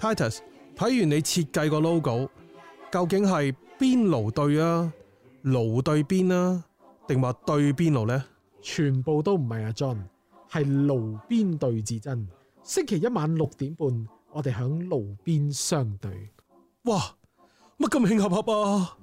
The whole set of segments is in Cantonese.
Titus，睇完你設計個 logo，究竟係邊爐對啊？爐對邊啊？定話對邊爐呢？全部都唔係阿 John，係爐邊對至真。星期一晚六點半，我哋響爐邊相對。哇，乜咁配合啊？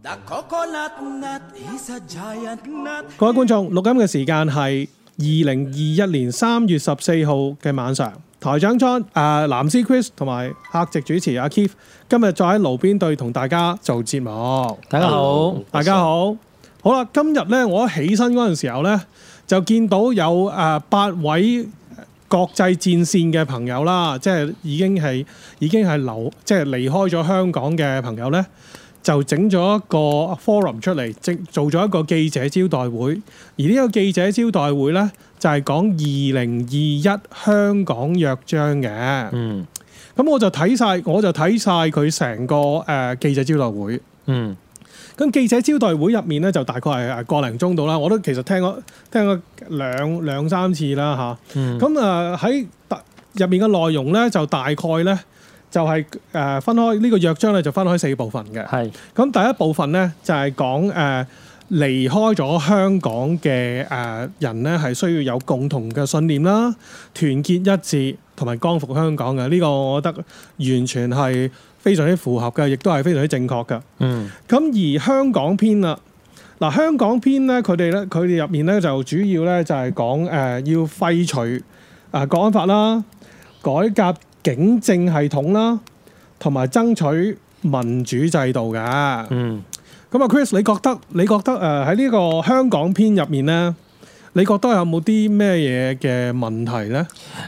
各位觀眾，錄音嘅時間係二零二一年三月十四號嘅晚上。台長 John，藍絲 Chris、呃、同埋客席主持阿 Keith，今日再喺爐邊對同大家做節目。Hello，大家好，大家好，好啦，今日呢，我起身嗰陣時候呢，就見到有誒、呃、八位國際戰線嘅朋友啦，即係已經係已經係留即係離開咗香港嘅朋友呢，就整咗一個 forum 出嚟，整做咗一個記者招待會，而呢個記者招待會呢。就係講二零二一香港約章嘅。咁、嗯、我就睇晒，我就睇曬佢成個誒、呃、記者招待會。咁、嗯、記者招待會入面咧，就大概係個零鐘度啦。我都其實聽咗聽過兩兩三次啦嚇。咁啊，喺入面嘅內容咧，就大概咧就係、是、誒、呃、分開呢、這個約章咧，就分開四部分嘅。咁是第一部分咧就係、是、講誒。呃離開咗香港嘅誒人咧，係需要有共同嘅信念啦，團結一致同埋光復香港嘅呢、呢個，我覺得完全係非常之符合嘅，亦都係非常之正確嘅。嗯，咁而香港篇啦，嗱香港篇咧，佢哋咧，佢哋入面咧就主要咧就係講誒、呃、要廢除啊《國安法》啦，改革警政系統啦，同埋爭取民主制度嘅。嗯。咁啊，Chris，你覺得你覺得誒喺呢個香港篇入面咧，你覺得有冇啲咩嘢嘅問題咧？誒、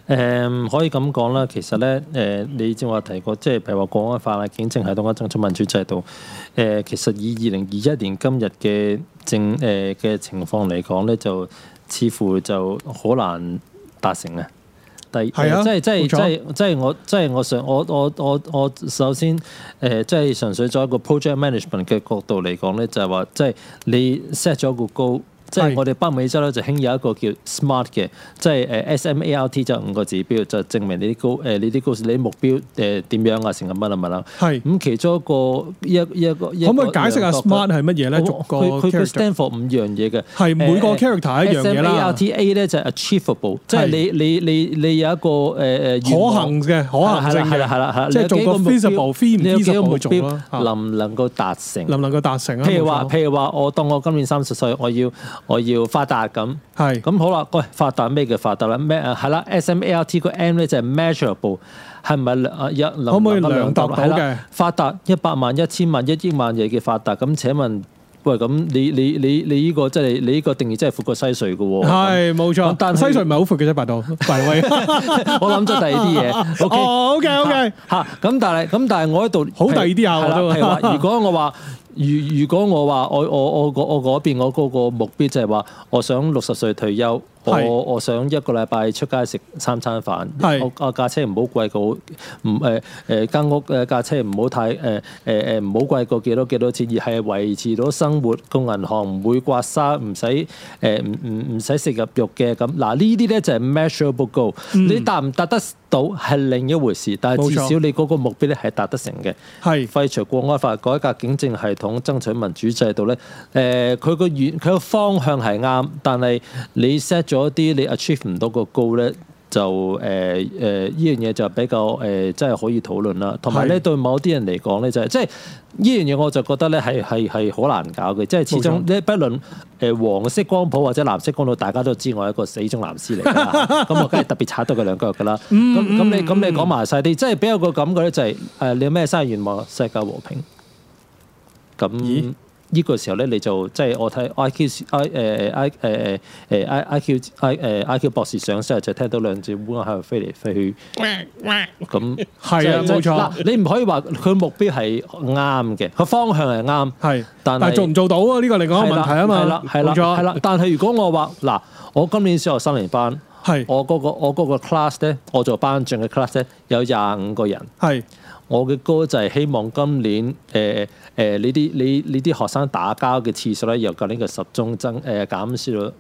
嗯，可以咁講啦，其實咧，誒、呃，你正話提過，即係譬如話《國安法》啊、《警政系統》啊、爭取民主制度，誒、呃，其實以二零二一年今日嘅政誒嘅情況嚟講咧，就似乎就好難達成啊。係、 嗯、啊！即係沒錯 即係即係即係我即係我上我我我我首先誒、呃，即係純粹作一個 project management 嘅角度嚟講咧，就係、是、話即係你 set 咗個高。即係我哋北美洲咧就興有一個叫 Smart 嘅，即係誒 S M A R T 就五個指標，就證明你啲高誒你啲高你啲目標誒點樣啊成個乜啦咪啦。係咁其中一個一一個可唔可以解釋下 Smart 係乜嘢咧？佢 stand for 五樣嘢嘅，係每個 character 一樣嘢啦。A R T A 咧就 Achievable，即係你你你你有一個誒誒可行嘅可行嘅係啦係啦，即係做個 feasible feasible 目標能唔能夠達成？能唔能夠達成譬如話譬如話，我當我今年三十歲，我要我要發達咁，係咁好啦。喂，發達咩叫發達咧？咩係啦？S M A R T 個 M 咧就係 measurable，係咪一，可唔可以量度到嘅發達？一百萬、一千萬、一億萬嘢嘅發達。咁請問，喂咁你你你你依個即係你依個定義真係闊過西隧嘅喎。係冇錯，但係西隧唔係好闊嘅啫，百度。我諗咗第二啲嘢。OK OK OK。嚇！咁但係咁但係我喺度好第二啲啊。係啦，如果我話。如如果我話我我我我邊我個目標就係話我想六十歲退休，我我想一個禮拜出街食三餐飯飯，我架車唔好貴過唔誒誒間屋誒架車唔好太誒誒誒唔好貴過幾多幾多錢，而係維持到生活，個銀行唔會刮沙，唔使誒唔唔唔使食入肉嘅咁。嗱呢啲咧就係 measurable goal，你達唔達得到係另一回事，但係至少你個目標咧係達得成嘅。係廢除國安法改革警政係。講爭取民主制度咧，誒佢個願佢個方向係啱，但係你 set 咗啲你 achieve 唔到個 goal 咧，就誒誒依樣嘢就比較誒、呃、真係可以討論啦。同埋咧對某啲人嚟講咧就係即係呢樣嘢，我就覺得咧係係係好難搞嘅，即係始終咧錯不論誒黃色光譜或者藍色光譜，大家都知我係一個死忠藍絲嚟㗎，咁 我梗係特別踩到佢兩腳㗎啦。咁咁 你咁你講埋晒啲，即係俾我個感覺咧就係、是、誒你有咩生日願望？世界和平。咁呢個時候咧，你就即係我睇 IQ I 誒 I 誒誒 I IQ I 誒 IQ 博士上身就聽到兩隻烏鴉喺度飛嚟飛去。咁係啊，冇錯。你唔可以話佢目標係啱嘅，個方向係啱，係，但係做唔做到啊？呢個係另一個問題啊嘛。係啦，係啦，冇錯，但係如果我話嗱，我今年小學三年班，係我嗰個我嗰個 class 咧，我做班長嘅 class 咧，有廿五個人，係。我嘅歌就係希望今年誒誒呢啲你呢啲學生打交嘅次數咧，由舊年嘅十宗增誒減少到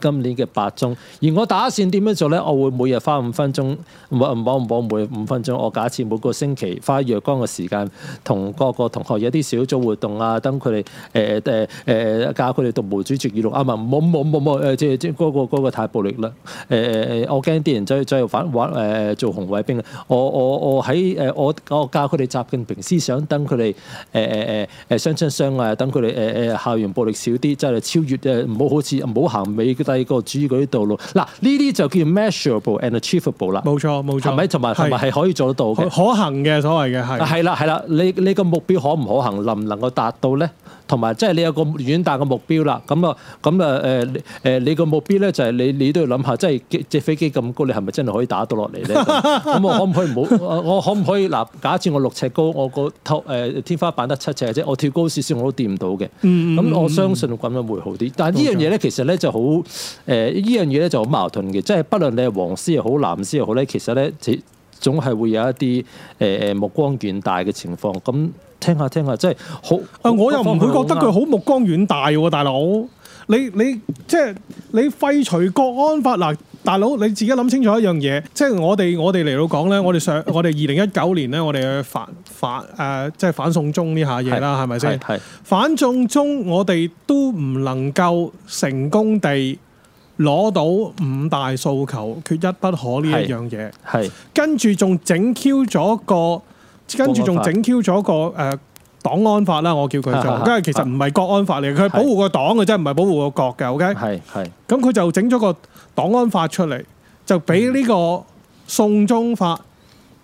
今年嘅八宗。而我打算點樣做咧？我會每日花五分鐘，唔好唔好唔好每五分鐘。我假設每個星期花若干嘅時間同各個同學有啲小組活動啊，等佢哋誒誒誒教佢哋讀毛主席語錄啊嘛！唔好唔好唔好即係即係嗰個、嗰個太暴力啦！誒誒誒，我驚啲人走去再再反玩做紅衛兵啊！我我我喺誒我。我教佢哋習近平思想，等佢哋誒誒誒誒相親相愛，等佢哋誒誒校園暴力少啲，即係超越即係唔好好似唔好行美帝國主義嗰啲道路。嗱，呢啲就叫 measurable and achievable 啦。冇錯，冇錯，係咪同埋同埋係可以做得到嘅？可行嘅所謂嘅係係啦係啦，你你個目標可唔可行，能唔能夠達到咧？同埋即係你有個遠大嘅目標啦，咁啊，咁啊，誒、呃、誒，你個目標咧就係你，你都要諗下，即係隻飛機咁高，你係咪真係可以打到落嚟咧？咁 我可唔可以冇？我可唔可以嗱？假設我六尺高，我個頭誒天花板得七尺啫，我跳高少少我都掂唔到嘅。咁、嗯嗯嗯、我相信咁樣會好啲。但係呢樣嘢咧，其實咧就好誒，呢樣嘢咧就好矛盾嘅，即、就、係、是、不論你係黃絲又好，藍絲又好咧，其實咧，總係會有一啲誒誒目光遠大嘅情況咁。聽下聽下，即係好。好啊，我又唔會覺得佢好目光遠大喎、啊，大佬。你你即係你廢除國安法嗱、啊，大佬你自己諗清楚一樣嘢，即係我哋我哋嚟到講咧，我哋上我哋二零一九年咧，我哋去反反誒，即係反送中呢下嘢啦，係咪先？係吧反送中，我哋都唔能夠成功地攞到五大訴求缺一不可呢一樣嘢。係跟住仲整 Q 咗個。跟住仲整 Q 咗個誒黨安法啦，我叫佢做，因為其實唔係國安法嚟，佢是保護、okay? 是個黨嘅，啫，唔係保護個國嘅，OK？係係，咁佢就整咗個黨安法出嚟，就俾呢個送終法。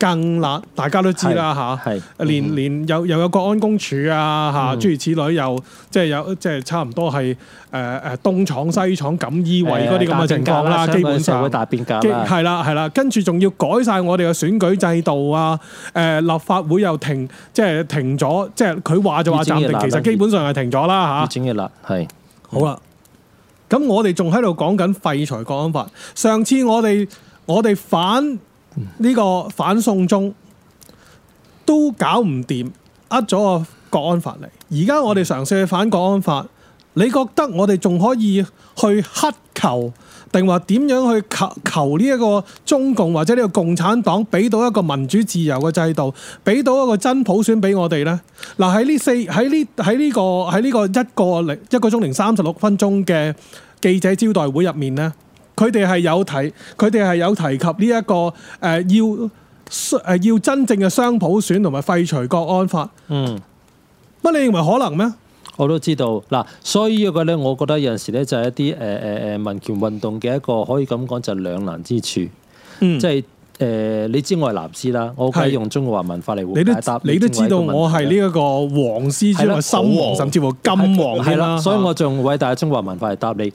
更辣，大家都知啦嚇，年年又又有國安公署啊吓，諸如此類，又即係有即係差唔多係誒誒東廠西廠錦衣衛嗰啲咁嘅情況啦，基本上會大變價啦，係啦係啦，跟住仲要改晒我哋嘅選舉制度啊，誒立法會又停，即係停咗，即係佢話就話暫定，其實基本上係停咗啦嚇。變價啦，係好啦，咁我哋仲喺度講緊廢除國安法，上次我哋我哋反。呢個反送中都搞唔掂，呃咗個國安法嚟。而家我哋嘗試去反國安法，你覺得我哋仲可以去乞求，定話點樣去求求呢一個中共或者呢個共產黨俾到一個民主自由嘅制度，俾到一個真普選俾我哋呢？嗱，喺呢四喺呢喺呢個喺呢個一個零一個鐘零三十六分鐘嘅記者招待會入面呢。佢哋係有提，佢哋係有提及呢、這、一個誒、呃、要誒要真正嘅雙普選同埋廢除國安法。嗯，乜你認為可能咩？我都知道嗱，所以呢個咧，我覺得有陣時咧就係一啲誒誒誒民權運動嘅一個可以咁講就兩難之處。即係誒，你知我係藍絲啦，我可以用中華文化嚟回答你。你都，你都知道我係呢一個黃絲之，甚至乎金黃啦。所以，我用偉大嘅中華文化嚟答你。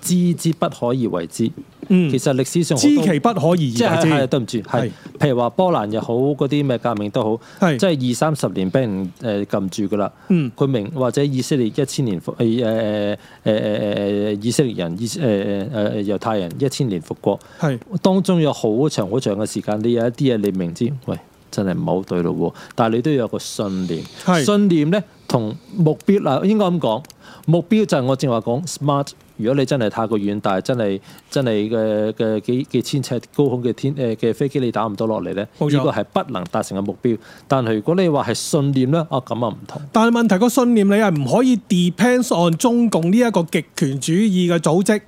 知之不可而為之，嗯、其實歷史上知其不可而為之，即對唔住，係是，譬如話波蘭又好，嗰啲咩革命都好，是即係二三十年俾人誒撳住㗎喇，佢、呃、明、嗯、或者以色列一千年復誒誒誒誒誒以色列人，意誒誒猶太人一千年復國，是當中有好長好長嘅時間，你有一啲嘢你明知，喂，真係唔好對路咯，但係你都要有個信念，是信念咧同目標啊，應該咁講，目標就係我正話講 smart。Sm art, 如果你真係太過遠，但係真係真係嘅嘅幾幾千尺高空嘅天誒嘅、呃、飛機你打唔到落嚟呢？呢、呢個係不能達成嘅目標。但係如果你話係信念咧，啊咁啊唔同。但係問題個信念你係唔可以 depends on 中共呢一個極權主義嘅組織。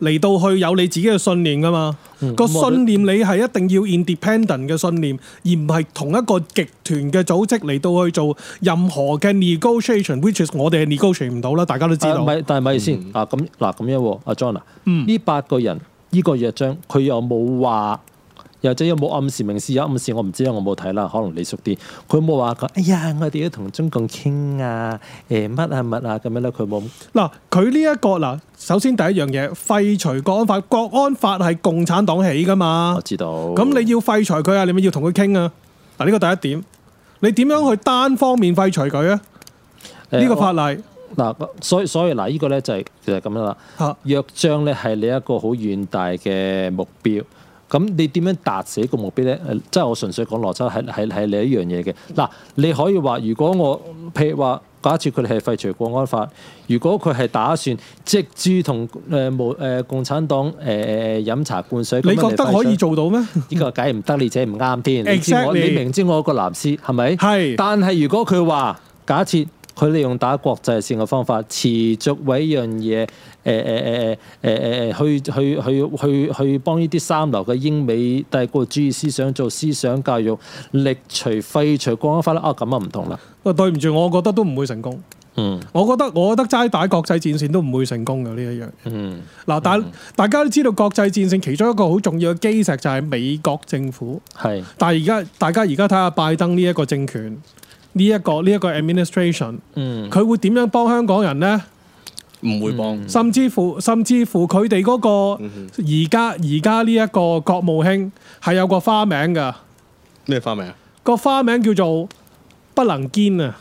嚟到去有你自己嘅信念噶嘛？嗯、個信念你係一定要 independent 嘅信念，而唔係同一個集團嘅組織嚟到去做任何嘅 negotiation，which is 我哋係 negotiate 唔到啦，大家都知道。唔係，但係咪先？啊，咁嗱，咁樣阿 John 啊，呢八、啊嗯、個人呢、呢個約章，佢又冇話。或者有冇暗示明示？有暗示我唔知啊，我冇睇啦。可能你熟啲，佢冇話哎呀，我哋要同中共傾啊，誒、欸、乜啊乜啊咁樣咧，佢冇。嗱，佢呢一個嗱，首先第一樣嘢，廢除國安法，國安法係共產黨起㗎嘛？我知道。咁你要廢除佢啊？你咪要同佢傾啊？嗱，呢個第一點，你點樣去單方面廢除佢啊？呢、哎、呀個法例嗱、啊，所以所以嗱，這個、呢個咧就係、是、就係咁啦。吓、啊，約章咧係你一個好遠大嘅目標。咁你點樣達成呢個目標咧？即係我純粹講邏輯，係係係你一樣嘢嘅。嗱，你可以話，如果我譬如話，假設佢哋係廢除國安法，如果佢係打算直接同誒無誒共產黨誒、呃、飲茶灌水，你覺得可以做到咩？呢 個解唔得，就是、Exactly. 你者唔啱添。你明知我，你明知我一個藍絲係咪？係。是但係如果佢話假設。佢利用打國際線嘅方法，持續為一樣嘢，誒誒誒誒誒誒去去去去去幫呢啲三流嘅英美帝國主義思想做思想教育，力除廢除國安法啦，啊咁啊唔同啦。我對唔住，我覺得都唔會成功。嗯我，我覺得我覺得齋打國際戰線都唔會成功嘅呢一樣、嗯。嗯，嗱，大大家都知道國際戰線其中一個好重要嘅基石就係美國政府。係的，但係而家大家而家睇下拜登呢一個政權。呢一個呢一個 administration，佢會點樣幫香港人呢？唔會幫。甚至乎甚至乎佢哋嗰個而家而家呢一個國務卿係有個花名㗎。咩花名啊？個花名叫做不能堅啊。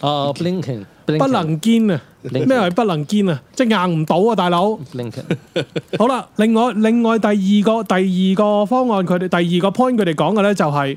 啊，Blinken。不能堅啊。咩係不能堅啊？即係硬唔到啊，大佬。Blinken。好啦，另外另外第二個第二個方案，佢哋第二個 point 佢哋講嘅呢就係。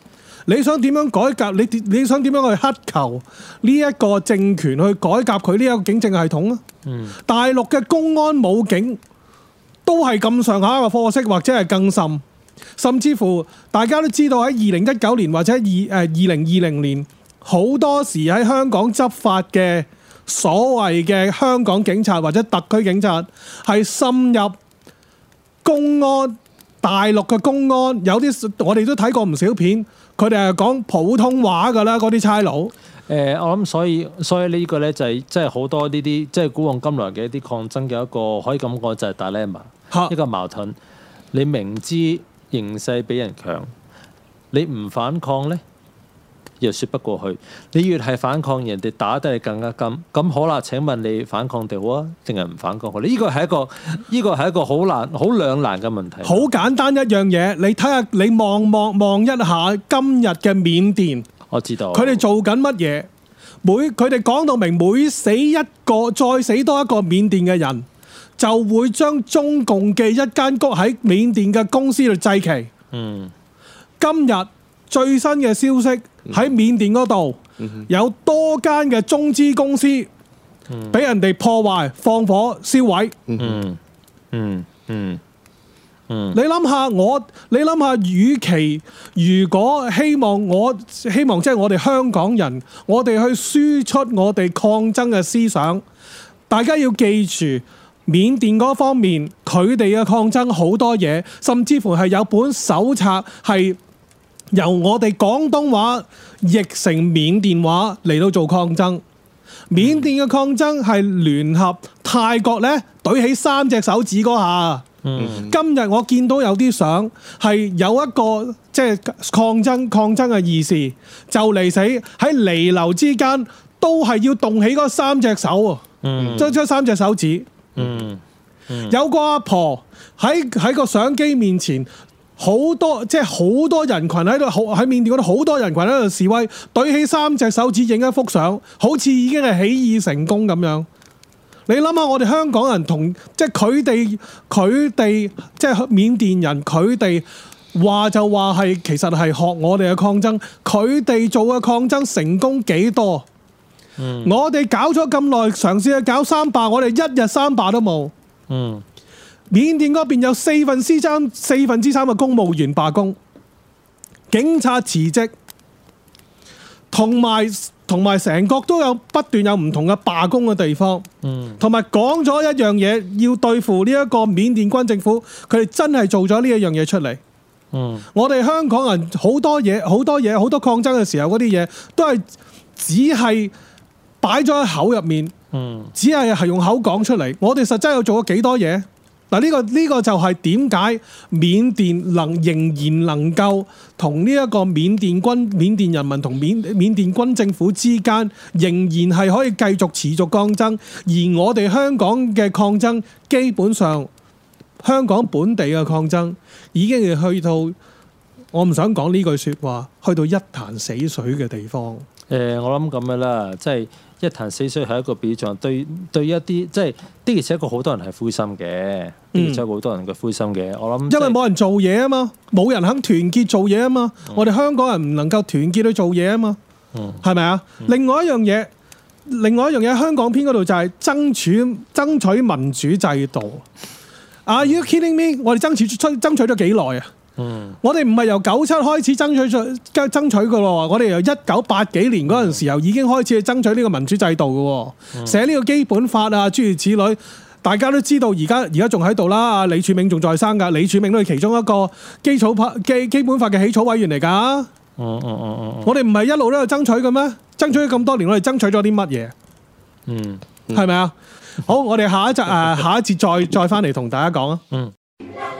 你想點樣改革？你點你想點樣去乞求呢一個政權去改革佢呢一個警政系統啊？大陸嘅公安武警都係咁上下嘅貨色，或者係更甚，甚至乎大家都知道喺二零一九年或者二誒二零二零年，好多時喺香港執法嘅所謂嘅香港警察或者特區警察係深入公安。大陸嘅公安有啲，我哋都睇過唔少片，佢哋係講普通話㗎啦，嗰啲差佬。誒、呃，我諗所以所以呢個呢，就係、是、即係好多呢啲即係古往今來嘅一啲抗爭嘅一個可以咁講就係 dilemma 一個矛盾。你明知形勢比人強，你唔反抗呢？又説不過去，你越係反抗，人哋打得你更加緊。咁好啦，請問你反抗定好啊？定係唔反抗好？你呢個係一個呢個係一個好難好兩難嘅問題。好簡單一樣嘢，你睇下，你望望望一下今日嘅緬甸，我知道佢哋做緊乜嘢。每佢哋講到明，每死一個，再死多一個緬甸嘅人，就會將中共嘅一間公喺緬甸嘅公司度祭旗。嗯，今日最新嘅消息。喺緬甸嗰度有多間嘅中資公司俾人哋破壞、放火、燒毀。嗯嗯嗯，你諗下我，你諗下，與其如果希望我希望即係我哋香港人，我哋去輸出我哋抗爭嘅思想，大家要記住緬甸嗰方面佢哋嘅抗爭好多嘢，甚至乎係有本手冊係。由我哋廣東話譯成緬甸話嚟到做抗爭，緬甸嘅抗爭係聯合泰國呢舉起三隻手指嗰下。嗯、今日我見到有啲相係有一個即係抗爭抗爭嘅意思，就嚟死喺彌留之間，都係要動起嗰三隻手，啊、嗯，張出三隻手指。嗯嗯、有個阿婆喺喺個相機面前，好多即係好多人群喺度，喺緬甸度好多人群喺度示威，舉起三隻手指影一幅相，好似已經係起義成功咁樣。你諗下，我哋香港人同即係佢哋，佢哋即係緬甸人，佢哋話就話係其實係學我哋嘅抗爭，佢哋做嘅抗爭成功幾多？嗯。我哋搞咗咁耐，嘗試去搞三罷，我哋一日三罷都冇。嗯。緬甸嗰邊有四分之三、四分之三嘅公務員罷工，警察辭職，同埋同埋成個都不斷有不斷有唔同嘅罷工嘅地方，嗯，同埋講咗一樣嘢，要對付呢一個緬甸軍政府，佢哋真係做咗呢一樣嘢出嚟，嗯，我哋香港人好多嘢，好多嘢，好多抗爭嘅時候嗰啲嘢，都係只係擺咗喺口入面，嗯，只係係用口講出嚟，我哋實際有做咗幾多嘢？嗱，呢、這個呢、這個就係點解緬甸能仍然能夠同呢一個緬甸軍、緬甸人民同緬緬甸軍政府之間仍然係可以繼續持續抗爭，而我哋香港嘅抗爭基本上香港本地嘅抗爭已經係去到我唔想講呢句説話，去到一潭死水嘅地方。誒、呃，我諗咁樣啦，即係。一彈四碎係一個表象，對對一啲即係的而且確好多人係灰心嘅，然之後好多人嘅灰心嘅，我諗、就是、因為冇人做嘢啊嘛，冇人肯團結做嘢啊嘛，嗯、我哋香港人唔能夠團結去做嘢啊嘛，係咪啊？另外一樣嘢，另外一樣嘢，香港篇嗰度就係爭取爭取民主制度。Are you kidding me？我哋爭取爭爭取咗幾耐啊？ 我哋唔係由九七開始爭取，爭取嘅咯，我哋由一九八幾年嗰陣時候已經開始去爭取呢個民主制度嘅，寫呢 個基本法啊諸如此類，大家都知道而家而家仲喺度啦，李柱銘仲在生噶，李柱銘都係其中一個基礎、基基本法嘅起草委員嚟噶，啊。 我哋唔係一路都有爭取嘅咩？爭取咗咁多年，我哋爭取咗啲乜嘢？嗯，係咪啊？好，我哋下一集、啊、下一節再再翻嚟同大家講啊。嗯。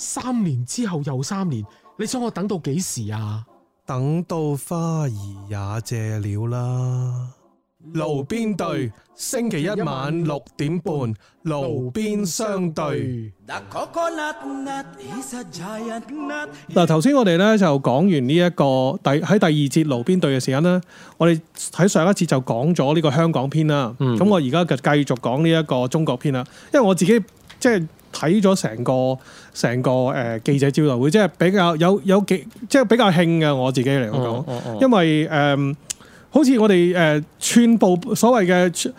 三年之後又三年，你想我等到幾時啊？等到花兒也謝了啦。爐邊對，星期一晚六點半，爐邊相對。嗱，頭先我哋呢就講完呢、這、一個第喺第二節爐邊對嘅時間呢，我哋喺上一節就講咗呢個香港篇啦。嗯。咁我而家就繼續講呢一個中國篇啦，因為我自己即係。睇咗成個成個誒、呃、記者招待會，即係比較有有幾即係比較興嘅，我自己嚟講，嗯嗯嗯、因為誒、呃、好似我哋誒寸步所謂嘅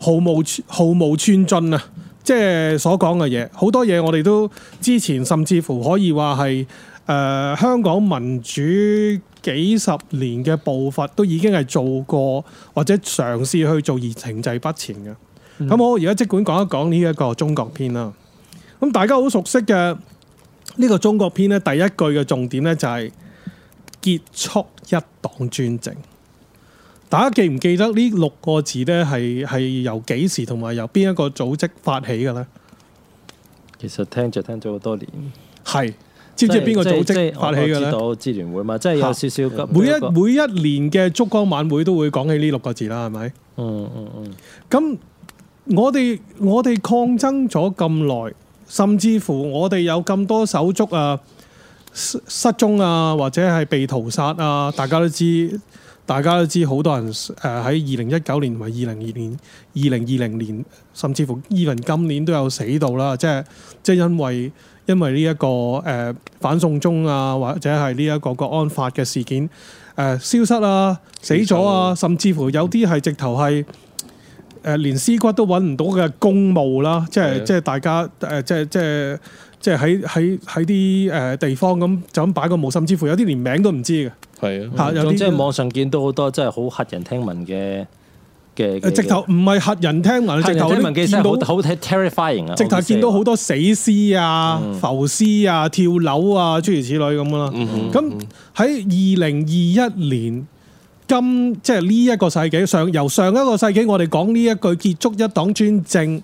毫無毫無寸進啊，即係所講嘅嘢好多嘢我哋都之前甚至乎可以話係誒香港民主幾十年嘅步伐都已經係做過或者嘗試去做而停滯不前嘅。咁我而家即管講一講呢一個中國篇啦。咁大家好熟悉嘅呢個中國篇呢，第一句嘅重點呢就係結束一黨專政。大家記唔記得呢六個字呢？係係由幾時同埋由邊一個組織發起嘅呢？其實聽着聽咗好多年，係知唔知邊個組織發起嘅呢？到支聯會嘛，即係有少少每一每一年嘅燭光晚會都會講起呢六個字啦，係咪？嗯，嗯嗯嗯。咁我哋我哋抗爭咗咁耐。甚至乎我哋有咁多手足啊失失蹤啊，或者係被屠殺啊，大家都知，大家都知好多人誒喺二零一九年同埋二零二年、二零二零年，甚至乎 even 今年都有死到啦，即係即係因為因為呢、這、一個誒、呃、反送中啊，或者係呢一個國安法嘅事件、呃、消失啊、死咗啊，甚至乎有啲係直頭係。誒連屍骨都揾唔到嘅公墓啦，即係即係大家誒，即係即係即係喺喺喺啲誒地方咁就咁擺個墓，甚至乎有啲連名都唔知嘅。係啊，有啲即係網上見到好多真係好嚇人聽聞嘅嘅。直頭唔係嚇人聽聞，直頭見到好好 terrifying 啊！直頭見到好多死屍啊、浮屍啊、跳樓啊、諸如此類咁啦。咁喺二零二一年。今即係呢一個世紀，上由上一個世紀我哋講呢一句結束一黨專政，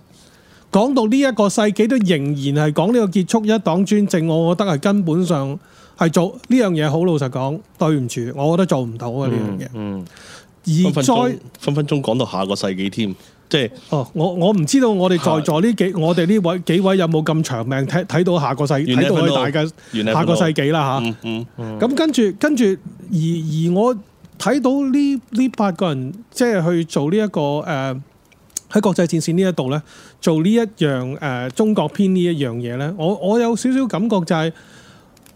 講到呢一個世紀都仍然係講呢個結束一黨專政，我我覺得係根本上係做呢樣嘢，好老實講，對唔住，我覺得做唔到啊呢樣嘢。嗯。而再分分鐘講到下個世紀添，即係哦，我我唔知道我哋在座呢幾我哋呢位幾位有冇咁長命睇睇到下個世睇到大家下個世紀啦吓。嗯嗯。咁跟住跟住而而我。睇到呢呢八個人即係去做呢、這、一個誒喺、呃、國際戰線呢一度呢，做呢一樣誒、呃、中國篇呢一樣嘢呢。我我有少少感覺就係、是、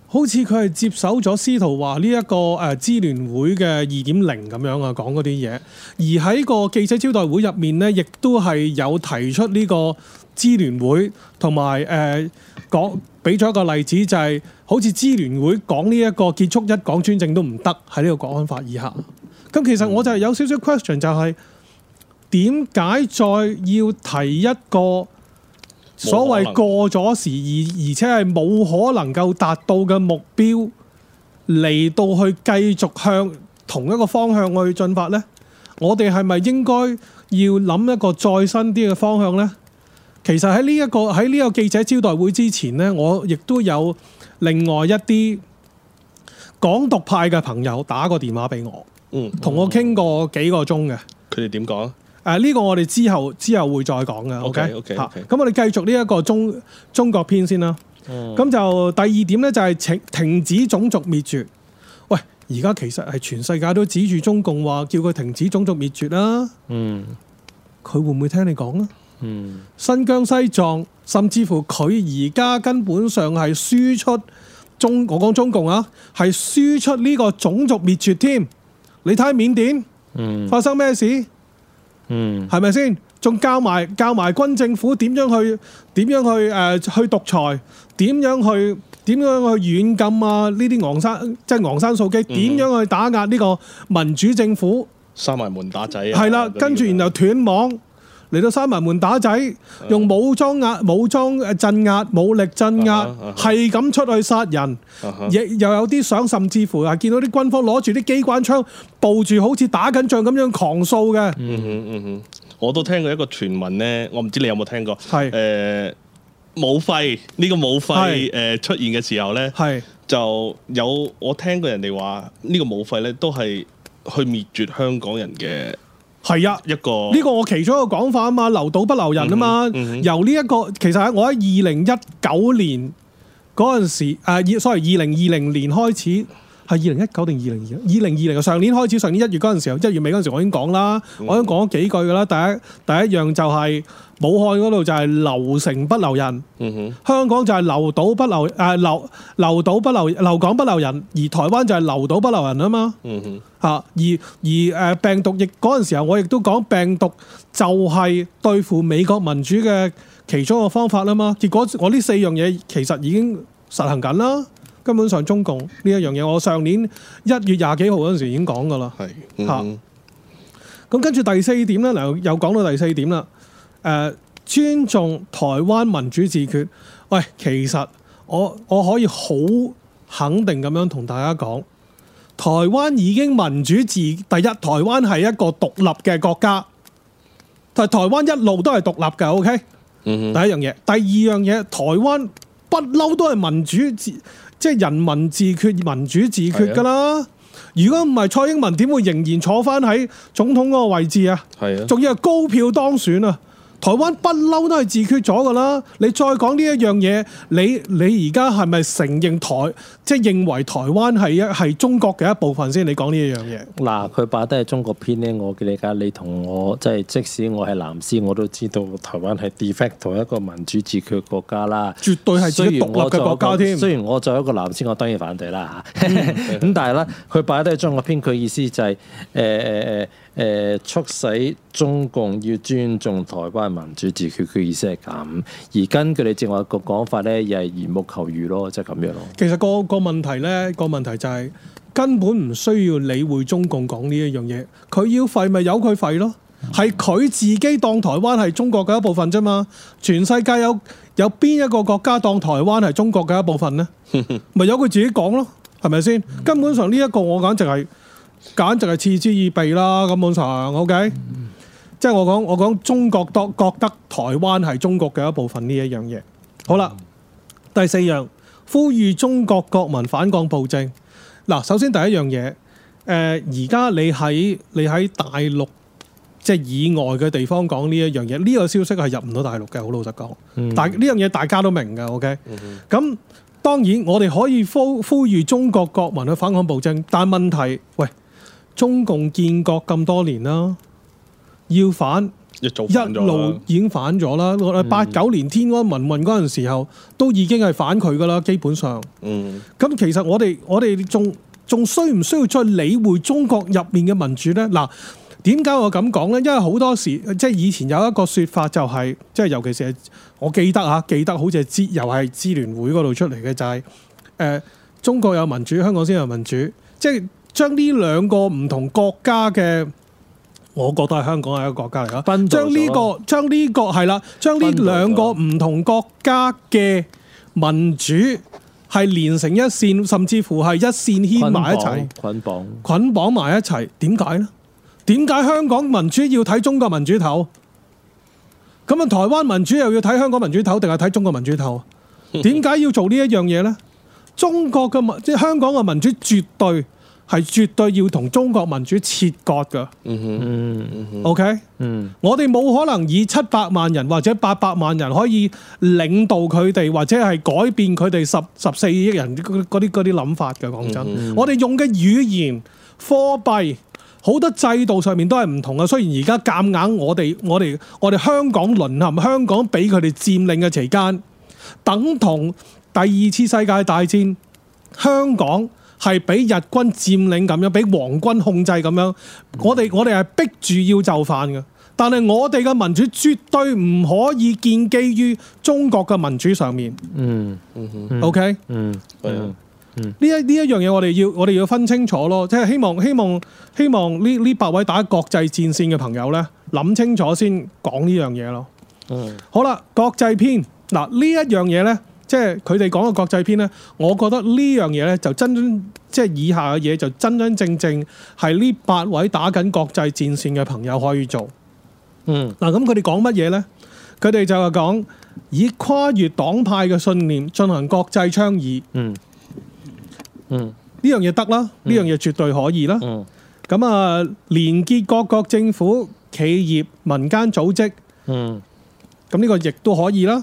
好似佢係接手咗司徒華呢、這、一個誒支、呃、聯會嘅二點零咁樣啊講嗰啲嘢，而喺個記者招待會入面呢，亦都係有提出呢、這個。支聯會同埋誒講俾咗一個例子，就係好似支聯會講呢一個結束一黨專政都唔得喺呢個《國安法》以下。咁其實我就係有少少 question，就係點解再要提一個所謂過咗時而而且係冇可能夠達到嘅目標嚟到去繼續向同一個方向去進發呢？我哋係咪應該要諗一個再新啲嘅方向呢？其實喺呢一個喺呢個記者招待會之前呢，我亦都有另外一啲港獨派嘅朋友打個電話俾我，嗯，嗯，同我傾過幾個鐘嘅。佢哋點講？誒呢、啊呢個我哋之後之後會再講嘅。OK OK 咁、okay. 啊、我哋繼續呢一個中中國篇先啦。咁、嗯、就第二點呢，就係請停止種族滅絕。喂，而家其實係全世界都指住中共話叫佢停止種族滅絕啦、啊。嗯，佢會唔會聽你講啊？嗯，新疆、西藏，甚至乎佢而家根本上係輸出中，我講中共啊，係輸出呢個種族滅絕添。你睇下緬甸，嗯，發生咩事？嗯，係咪先？仲教埋教埋軍政府點樣去點樣去誒去獨裁，點樣去點樣去軟禁啊？呢啲昂山即係昂山素基，點樣去打壓呢個民主政府？閂埋門打仔啊！係啦，跟住然後斷網。嚟到閂埋門打仔，用武裝壓、武裝壓、鎮壓、武力鎮壓，係咁出去殺人，亦又有啲相，甚至乎係見到啲軍方攞住啲機關槍，抱住好似打緊仗咁樣狂掃嘅。嗯哼嗯哼，我都聽過一個傳聞呢，我唔知你有冇聽過？係誒武肺呢個武肺誒出現嘅時候呢，係就有我聽過人哋話呢個武肺呢，都係去滅絕香港人嘅。係啊，一個呢個我其中一個講法啊嘛，留賭不留人啊嘛，嗯嗯、由呢、這、一個其實喺我喺二零一九年嗰陣時，誒 s o 二零二零年開始。係二零一九定二零二零二零二零上年開始，上年一月嗰陣時候，一月尾嗰陣時，我已經講啦，mm hmm. 我已經講咗幾句噶啦。第一第一樣就係武漢嗰度就係留城不留人，mm hmm. 香港就係留島不留誒，留留島不留留港不留人，而台灣就係留島不留人，mm hmm. 啊嘛。嚇，而而誒，病毒疫嗰陣時候，我亦都講病毒就係對付美國民主嘅其中一個方法啊嘛。結果我呢四樣嘢其實已經實行緊啦。根本上中共呢一樣嘢，我上年一月廿幾號嗰陣時已經講過啦。係嚇，咁、嗯啊、跟住第四點呢，又講到第四點啦。誒、呃，尊重台灣民主自決。喂，其實我我可以好肯定咁樣同大家講，台灣已經民主自第一，台灣係一個獨立嘅國家。台灣、okay? 嗯嗯、台灣一路都係獨立㗎，OK？第一樣嘢，第二樣嘢，台灣不嬲都係民主自。即係人民自決、民主自決㗎啦。如果唔係蔡英文點會仍然坐翻喺總統嗰個位置啊？係啊。仲要係高票當選啊！台灣不嬲都係自決咗㗎啦！你再講呢一樣嘢，你你而家係咪承認台即係認為台灣係一係中國嘅一部分先？你講呢一樣嘢？嗱，佢擺低係中國篇呢，我嘅理解，你同我即係即使我係藍絲，我都知道台灣係 de facto 一個民主自決國家啦，絕對係一個獨立嘅國家添。雖然我作為一個藍絲、嗯，我當然反對啦嚇。咁 但係咧，佢擺低係中國篇，佢意思就係誒誒誒。呃呃、促使中共要尊重台灣民主自決嘅意思係咁，而根據你正話個講法呢，又係緣木求魚咯，即係咁樣咯。其實個個問題呢，個問題就係、是、根本唔需要理會中共講呢一樣嘢，佢要廢咪由佢廢咯，係佢 自己當台灣係中國嘅一部分啫嘛。全世界有有邊一個國家當台灣係中國嘅一部分呢？咪 由佢自己講咯，係咪先？根本上呢一個我簡直係。簡直係嗤之以鼻啦！基本上，OK、嗯。即係我講，我講中國多覺得台灣係中國嘅一部分呢一樣嘢。好啦，嗯、第四樣呼籲中國國民反抗暴政。嗱，首先第一樣嘢，誒而家你喺你喺大陸即係、就是、以外嘅地方講呢一樣嘢，呢、這個消息係入唔到大陸嘅，好老實講。大呢樣嘢大家都明嘅，OK、嗯。咁當然我哋可以呼呼籲中國國民去反抗暴政，但問題，喂！中共建國咁多年啦，要反，一，反一路已經反咗啦。嗯、八九年天安民運嗰陣時候都已經係反佢噶啦，基本上。嗯。咁其實我哋我哋仲仲需唔需要再理會中國入面嘅民主呢？嗱，點解我咁講呢？因為好多時即係以前有一個說法就係、是，即係尤其是我記得啊，記得好似係支又係支聯會嗰度出嚟嘅，就係、是呃、中國有民主，香港先有民主，即係。將呢兩個唔同國家嘅，我覺得係香港係一個國家嚟咯。將呢個將呢個係啦，將呢兩個唔同國家嘅民主係連成一線，甚至乎係一線牽埋一齊，捆綁捆綁埋一齊。點解咧？點解香港民主要睇中國民主頭？咁啊，台灣民主又要睇香港民主頭，定係睇中國民主頭？點解要做呢一樣嘢呢？中國嘅民即係香港嘅民主絕對。係絕對要同中國民主切割噶。嗯，嗯 okay? 嗯，OK，哼嗯，我哋冇可能以七百萬人或者八百萬人可以領導佢哋，或者係改變佢哋十十四億人嗰啲啲諗法嘅。講真，嗯、哼我哋用嘅語言、貨幣、好多制度上面都係唔同嘅。雖然而家夾硬，我哋我哋我哋香港淪陷、香港俾佢哋佔領嘅期間，等同第二次世界大戰，香港，係俾日軍佔領咁樣，俾皇軍控制咁樣，我哋我哋係逼住要就範嘅。但係我哋嘅民主絕對唔可以建基於中國嘅民主上面。嗯嗯 OK。嗯，嗯，呢一呢一樣嘢我哋要我哋要分清楚咯，即係希望希望希望呢呢八位打國際戰線嘅朋友呢，諗清楚先講呢樣嘢咯。嗯。好啦，國際篇嗱呢一樣嘢呢。即係佢哋講嘅國際篇呢，我覺得呢樣嘢呢，就真真，即係以下嘅嘢就真真正正係呢八位打緊國際戰線嘅朋友可以做。嗯，嗱咁佢哋講乜嘢呢？佢哋就係講以跨越黨派嘅信念進行國際倡議。嗯嗯，呢、嗯、樣嘢得啦，呢、嗯、樣嘢絕對可以啦。咁、嗯嗯、啊，連結各國政府、企業、民間組織。嗯，咁、嗯、呢個亦都可以啦。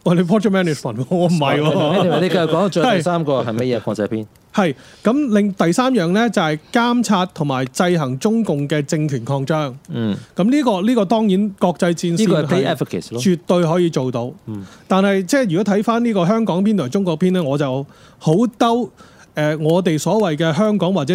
你我哋 project management，我唔係喎。你繼續講到最第三個係乜嘢？擴展邊？係咁，另第三樣咧就係、是、監察同埋制衡中共嘅政權擴張。嗯。咁呢、這個呢、這個當然國際戰線係，絕對可以做到。但係即係如果睇翻呢個香港篇同中國篇咧，我就好兜誒、呃，我哋所謂嘅香港或者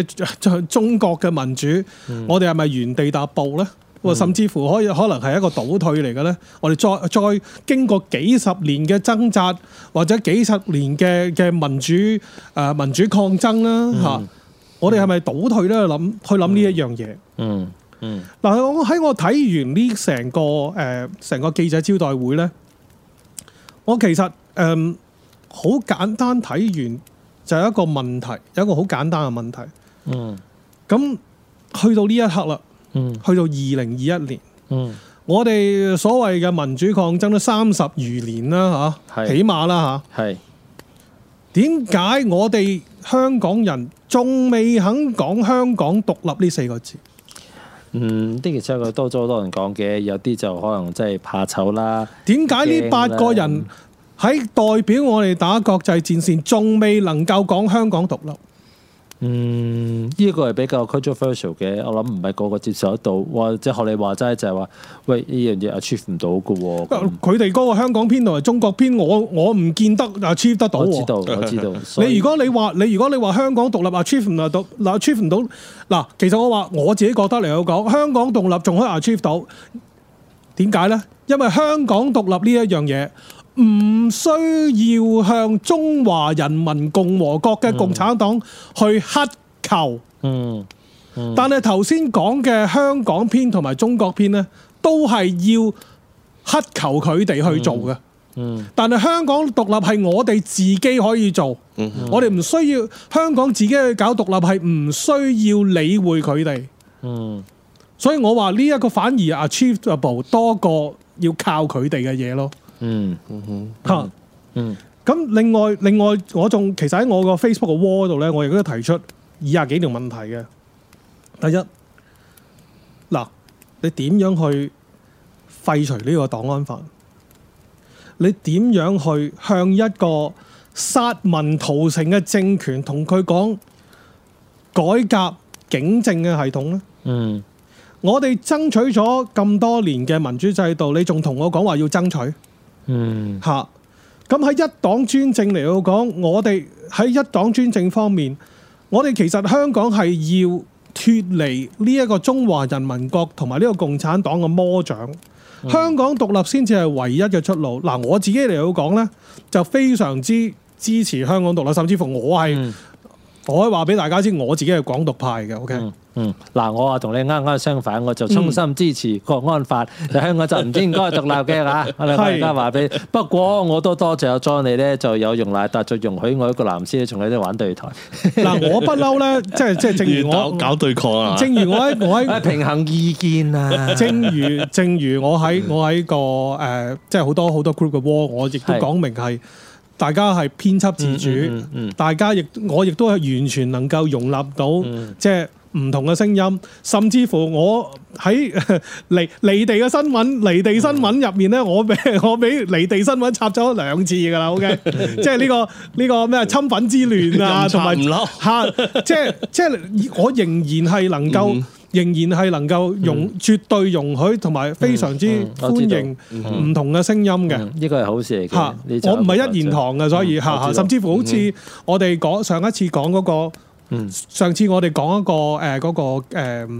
中國嘅民主，嗯、我哋係咪原地踏步咧？甚至乎可以可能係一個倒退嚟嘅咧，我哋再再經過幾十年嘅掙扎，或者幾十年嘅嘅民主誒、呃、民主抗爭啦吓、嗯嗯啊，我哋係咪倒退咧？諗去諗呢一樣嘢、嗯。嗯嗯。嗱，我喺我睇完呢成個誒成個記者招待會咧，我其實誒好、呃、簡單睇完就有一個問題，有一個好簡單嘅問題。嗯。咁去到呢一刻啦。嗯，去到二零二一年，嗯，我哋所謂嘅民主抗爭都三十餘年啦，吓，起碼啦，嚇，係點解我哋香港人仲未肯講香港獨立呢四個字？嗯，的而且確多咗好多人講嘅，有啲就可能真係怕醜啦。點解呢八個人喺代表我哋打國際戰線，仲未能夠講香港獨立？嗯，依個係比較 controversial 嘅，我諗唔係個個接受得到。哇！即係學你話齋，就係話，喂，呢樣嘢 achieve 唔到嘅。佢哋嗰個香港編同埋中國編，我我唔見得嗱 achieve 得到。我知道，我知道。 你如果你話，你如果你話香港獨立 achieve 唔到，嗱 achieve 唔到，嗱其實我話我自己覺得嚟講，香港獨立仲可以 achieve 到。點解呢？因為香港獨立呢一樣嘢。唔需要向中華人民共和國嘅共產黨去乞求，嗯，嗯，但係頭先講嘅香港篇同埋中國篇咧，都係要乞求佢哋去做嘅，嗯，嗯。但係香港獨立係我哋自己可以做，嗯嗯，我哋唔需要香港自己去搞獨立，係唔需要理會佢哋，嗯。所以我話呢一個反而 achievable 多過要靠佢哋嘅嘢咯。嗯哼，吓嗯咁。Hmm. Mm hmm. mm hmm. mm hmm. 另外，另外，我仲其實喺我個 Facebook 嘅窩度咧，我亦都提出二廿幾條問題嘅。第一嗱，你點樣去廢除呢個國安法？你點樣去向一個殺民屠城嘅政權同佢講改革警政嘅系統咧？嗯、mm，hmm. 我哋爭取咗咁多年嘅民主制度，你仲同我講話要爭取？Mm hmm. 嗯，嚇！咁喺一黨專政嚟到講，我哋喺一黨專政方面，我哋其實香港係要脱離呢一個中華人民國同埋呢個共產黨嘅魔掌，香港獨立先至係唯一嘅出路。嗱、mm，hmm. 我自己嚟到講呢，就非常之支持香港獨立，甚至乎我係、mm。Hmm. 我可以話俾大家知，我自己係港獨派嘅。OK，嗯，嗱、嗯，我啊同你啱啱相反，我就衷心支持國安法。喺香港就唔知應該係獨立嘅嚇。 我哋大家話俾，不過我都多謝阿 John，你咧，就有容納、有就容許我一個男師，從你度玩對台。嗱、嗯，我不嬲咧，即係即係正如我搞對抗啊，正如我喺我喺 平衡意見啊，正如正如我喺我喺個誒、呃，即係好多好多 group 嘅 w 我亦都講明係。 大家係編輯自主，嗯嗯嗯、大家亦我亦都係完全能夠容納到、嗯、即係唔同嘅聲音，甚至乎我喺 離離地嘅新聞，離地新聞入面咧，我俾我俾離地新聞插咗兩次㗎啦，OK， 即係呢、呢個呢、呢個咩侵粉之亂啊，同埋嚇，即係即係我仍然係能夠。嗯嗯仍然係能夠容絕對容許同埋非常之歡迎唔同嘅聲音嘅，呢個係好事嚟嘅。 prayed 我唔係一言堂嘅，所以嚇嚇。 account, 甚至乎好似我哋講上一次講嗰個， 上次我哋講一個誒嗰個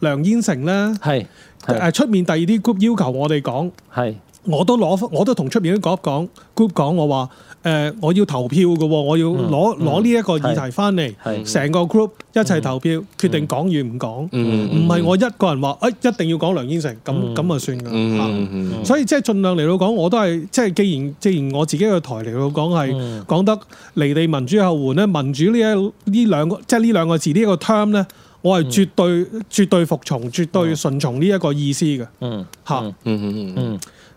梁燕成咧，係誒出面第二啲 group 要求我哋講，係我都攞我都同出面啲 group 講 group 講，我 話。 mond 誒，我要投票嘅喎，我要攞攞呢一個議題翻嚟，成個 group 一齊投票決定講與唔講，唔係我一個人話，誒一定要講梁天成，咁咁啊算㗎嚇。所以即係盡量嚟到講，我都係即係既然既然我自己嘅台嚟到講係講得離地民主後援咧，民主呢一呢兩個即係呢兩個字呢一個 term 咧，我係絕對絕對服從、絕對順從呢一個意思嘅嚇。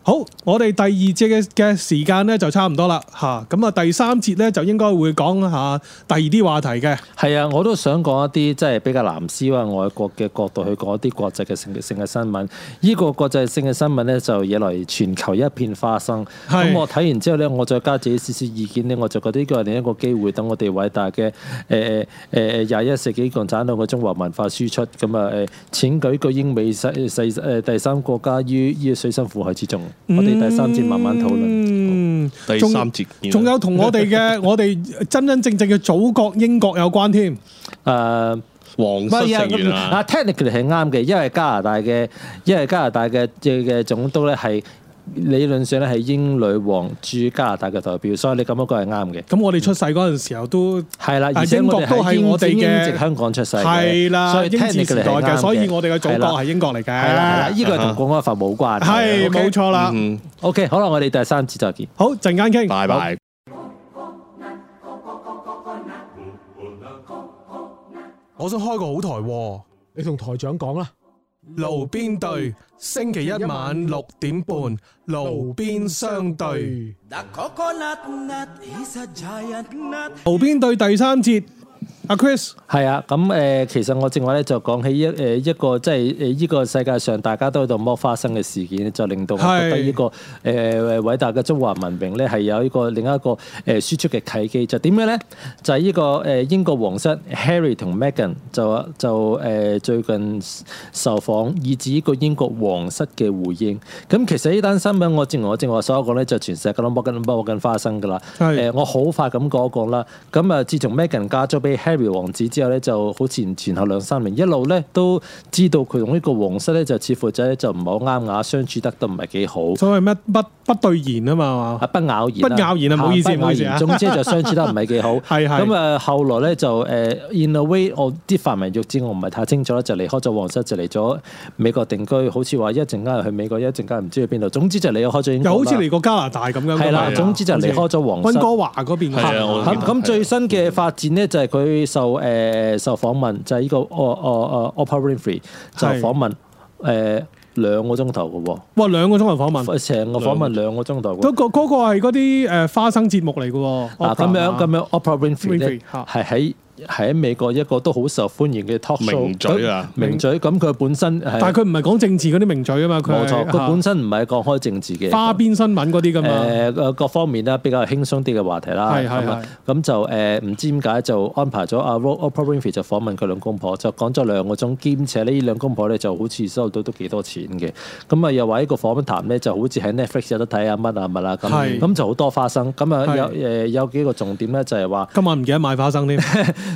好，我哋第二節嘅嘅時間呢就差唔多啦，嚇咁啊、嗯、第三節呢，就應該會講下第二啲話題嘅。係啊，我都想講一啲即係比較藍絲啊，外國嘅角度去講一啲國際嘅性性嘅新聞。呢、呢個國際性嘅新聞呢，就惹來全球一片花生。咁是我睇完之後呢，我再加自己少少意見呢，我就覺得呢個係另一個機會，等我哋偉大嘅誒誒誒廿一世紀共產黨嘅中華文化輸出咁啊誒，請、呃、舉個英美西西誒第三國家於依個水深火海之中。我哋第三節慢慢討論。第三節仲有同我哋嘅我哋真真正正嘅祖國英國有關添。誒， 王室成員啊。 嗯嗯嗯、Technically 係啱嘅，因為加拿大嘅因為加拿大嘅嘅、呃、總督咧係。理論上咧係英女王駐加拿大嘅代表，所以你咁樣講係啱嘅。咁我哋出世嗰陣時候都係啦，而英國都係我哋嘅香港出世，係啦，所以英治時代嘅，所以我哋嘅祖國係英國嚟嘅。係啦，呢個係同國安法冇關。係冇錯啦。OK，好啦，我哋第三節再見。好，陣間傾，拜拜。我想開個好台，你同台長講啦。爐邊對。星期一晚六點半，爐邊相對。爐邊對第三節。阿 Chris，係啊，咁誒，其實我正話咧就講起一誒一個即係誒依個世界上大家都喺度剝花生嘅事件咧，就令到我覺得依個誒偉大嘅中華文明咧係有一個另一個誒輸出嘅契機，就點樣咧？就係依個誒英國皇室 Harry 同 Meghan 就話就誒最近受訪以至依個英國皇室嘅回應。咁其實依單新聞我正我正話所講咧，就全世界都剝緊剝緊花生噶啦。誒，我好快咁講一講啦。咁啊，自從 Meghan 嫁咗俾 Harry 王子之後咧，就好似前後兩三年一路咧都知道佢同呢個皇室咧，就似乎就就唔係好啱牙，相處得都唔係幾好。所謂乜不不對言啊嘛，啊不咬言，不咬言啊，唔好意思，唔好意思。總之就相處得唔係幾好。咁啊，後來咧就誒，in a way，我啲繁文縟字我唔係太清楚啦，就離開咗皇室，就嚟咗美國定居。好似話一陣間去美國，一陣間唔知去邊度。總之就離開咗英國。又好似嚟過加拿大咁樣。係啦，總之就離開咗皇室。溫哥華嗰邊嘅。嚇！咁最新嘅發展呢，就係佢。嗯、受誒、呃、受訪問就係、是、呢個哦哦哦 Oprah Winfrey 就訪問誒兩個鐘頭嘅喎，哇兩個鐘頭訪問，成、呃、個、呃、訪問兩個鐘頭。嗰個係啲誒花生節目嚟嘅喎。咁、啊、嘛樣咁樣 Oprah Winfrey 咧係喺。喺美國一個都好受歡迎嘅 talk show，名嘴啊，名嘴咁佢本身，但係佢唔係講政治嗰啲名嘴啊嘛，佢冇錯，佢本身唔係講開政治嘅，花邊新聞嗰啲㗎嘛，各方面啦比較輕鬆啲嘅話題啦，係係係，咁就誒唔知點解就安排咗阿 Oprah Winfrey 就訪問佢兩公婆，就講咗兩個鐘，兼且呢兩公婆咧就好似收到都幾多錢嘅，咁啊又話呢個訪問談咧就好似喺 Netflix 有得睇啊乜啊乜啊咁，咁就好多花生，咁啊是有誒有，有幾個重點咧就係、是、話今晚唔記得買花生添。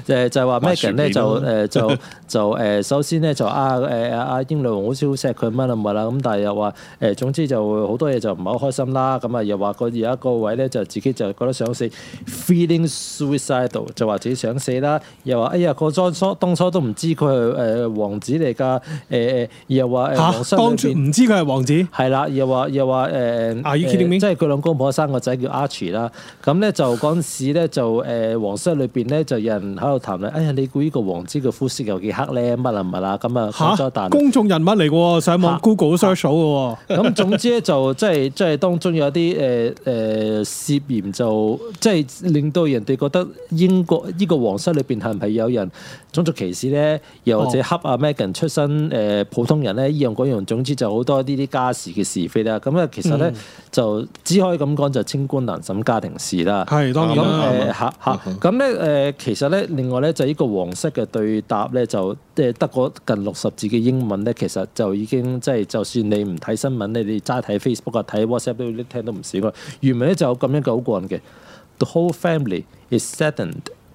就係話 Meghan 咧就誒就就誒首先咧就啊誒阿英女王好似好錫佢乜啦乜啦咁，但係又話誒總之就好多嘢就唔係好開心啦。咁啊又話個而家個位咧就自己就覺得想死，feeling suicidal 就話自己想死啦。又話哎呀嗰張初當初都唔知佢係誒王子嚟㗎誒誒，又話嚇、啊、當初唔知佢係王子係啦，又話又話誒即係佢兩公婆生個仔叫 Archie 啦。咁咧就嗰陣時咧就誒皇室裏邊咧就有人。喺度談咧，哎呀、啊，你估呢個王子嘅膚色有幾黑咧？乜啊乜啦，咁啊，好多彈。嚇！公眾人物嚟喎，上網、啊、Google search 數嘅。咁、啊啊、 總之就即係即係當中有啲誒誒涉嫌就，就即、是、係令到人哋覺得英國呢個皇室裏邊係唔係有人？種族歧視咧，又或者恰阿 Megan 出身誒、哦、普通人咧，呢樣嗰樣，總之就好多呢啲家事嘅是非啦。咁咧其實咧、嗯、就只可以咁講，就清官難審家庭事啦。係、嗯、當然咁誒咧誒其實咧另外咧就呢個黃色嘅對答咧，就即係得個近六十字嘅英文咧，其實就已經即係就算你唔睇新聞咧，你齋睇 Facebook 啊睇 WhatsApp 都聽到唔少。原文咧就有咁樣嘅好幹嘅。 The whole family is saddened.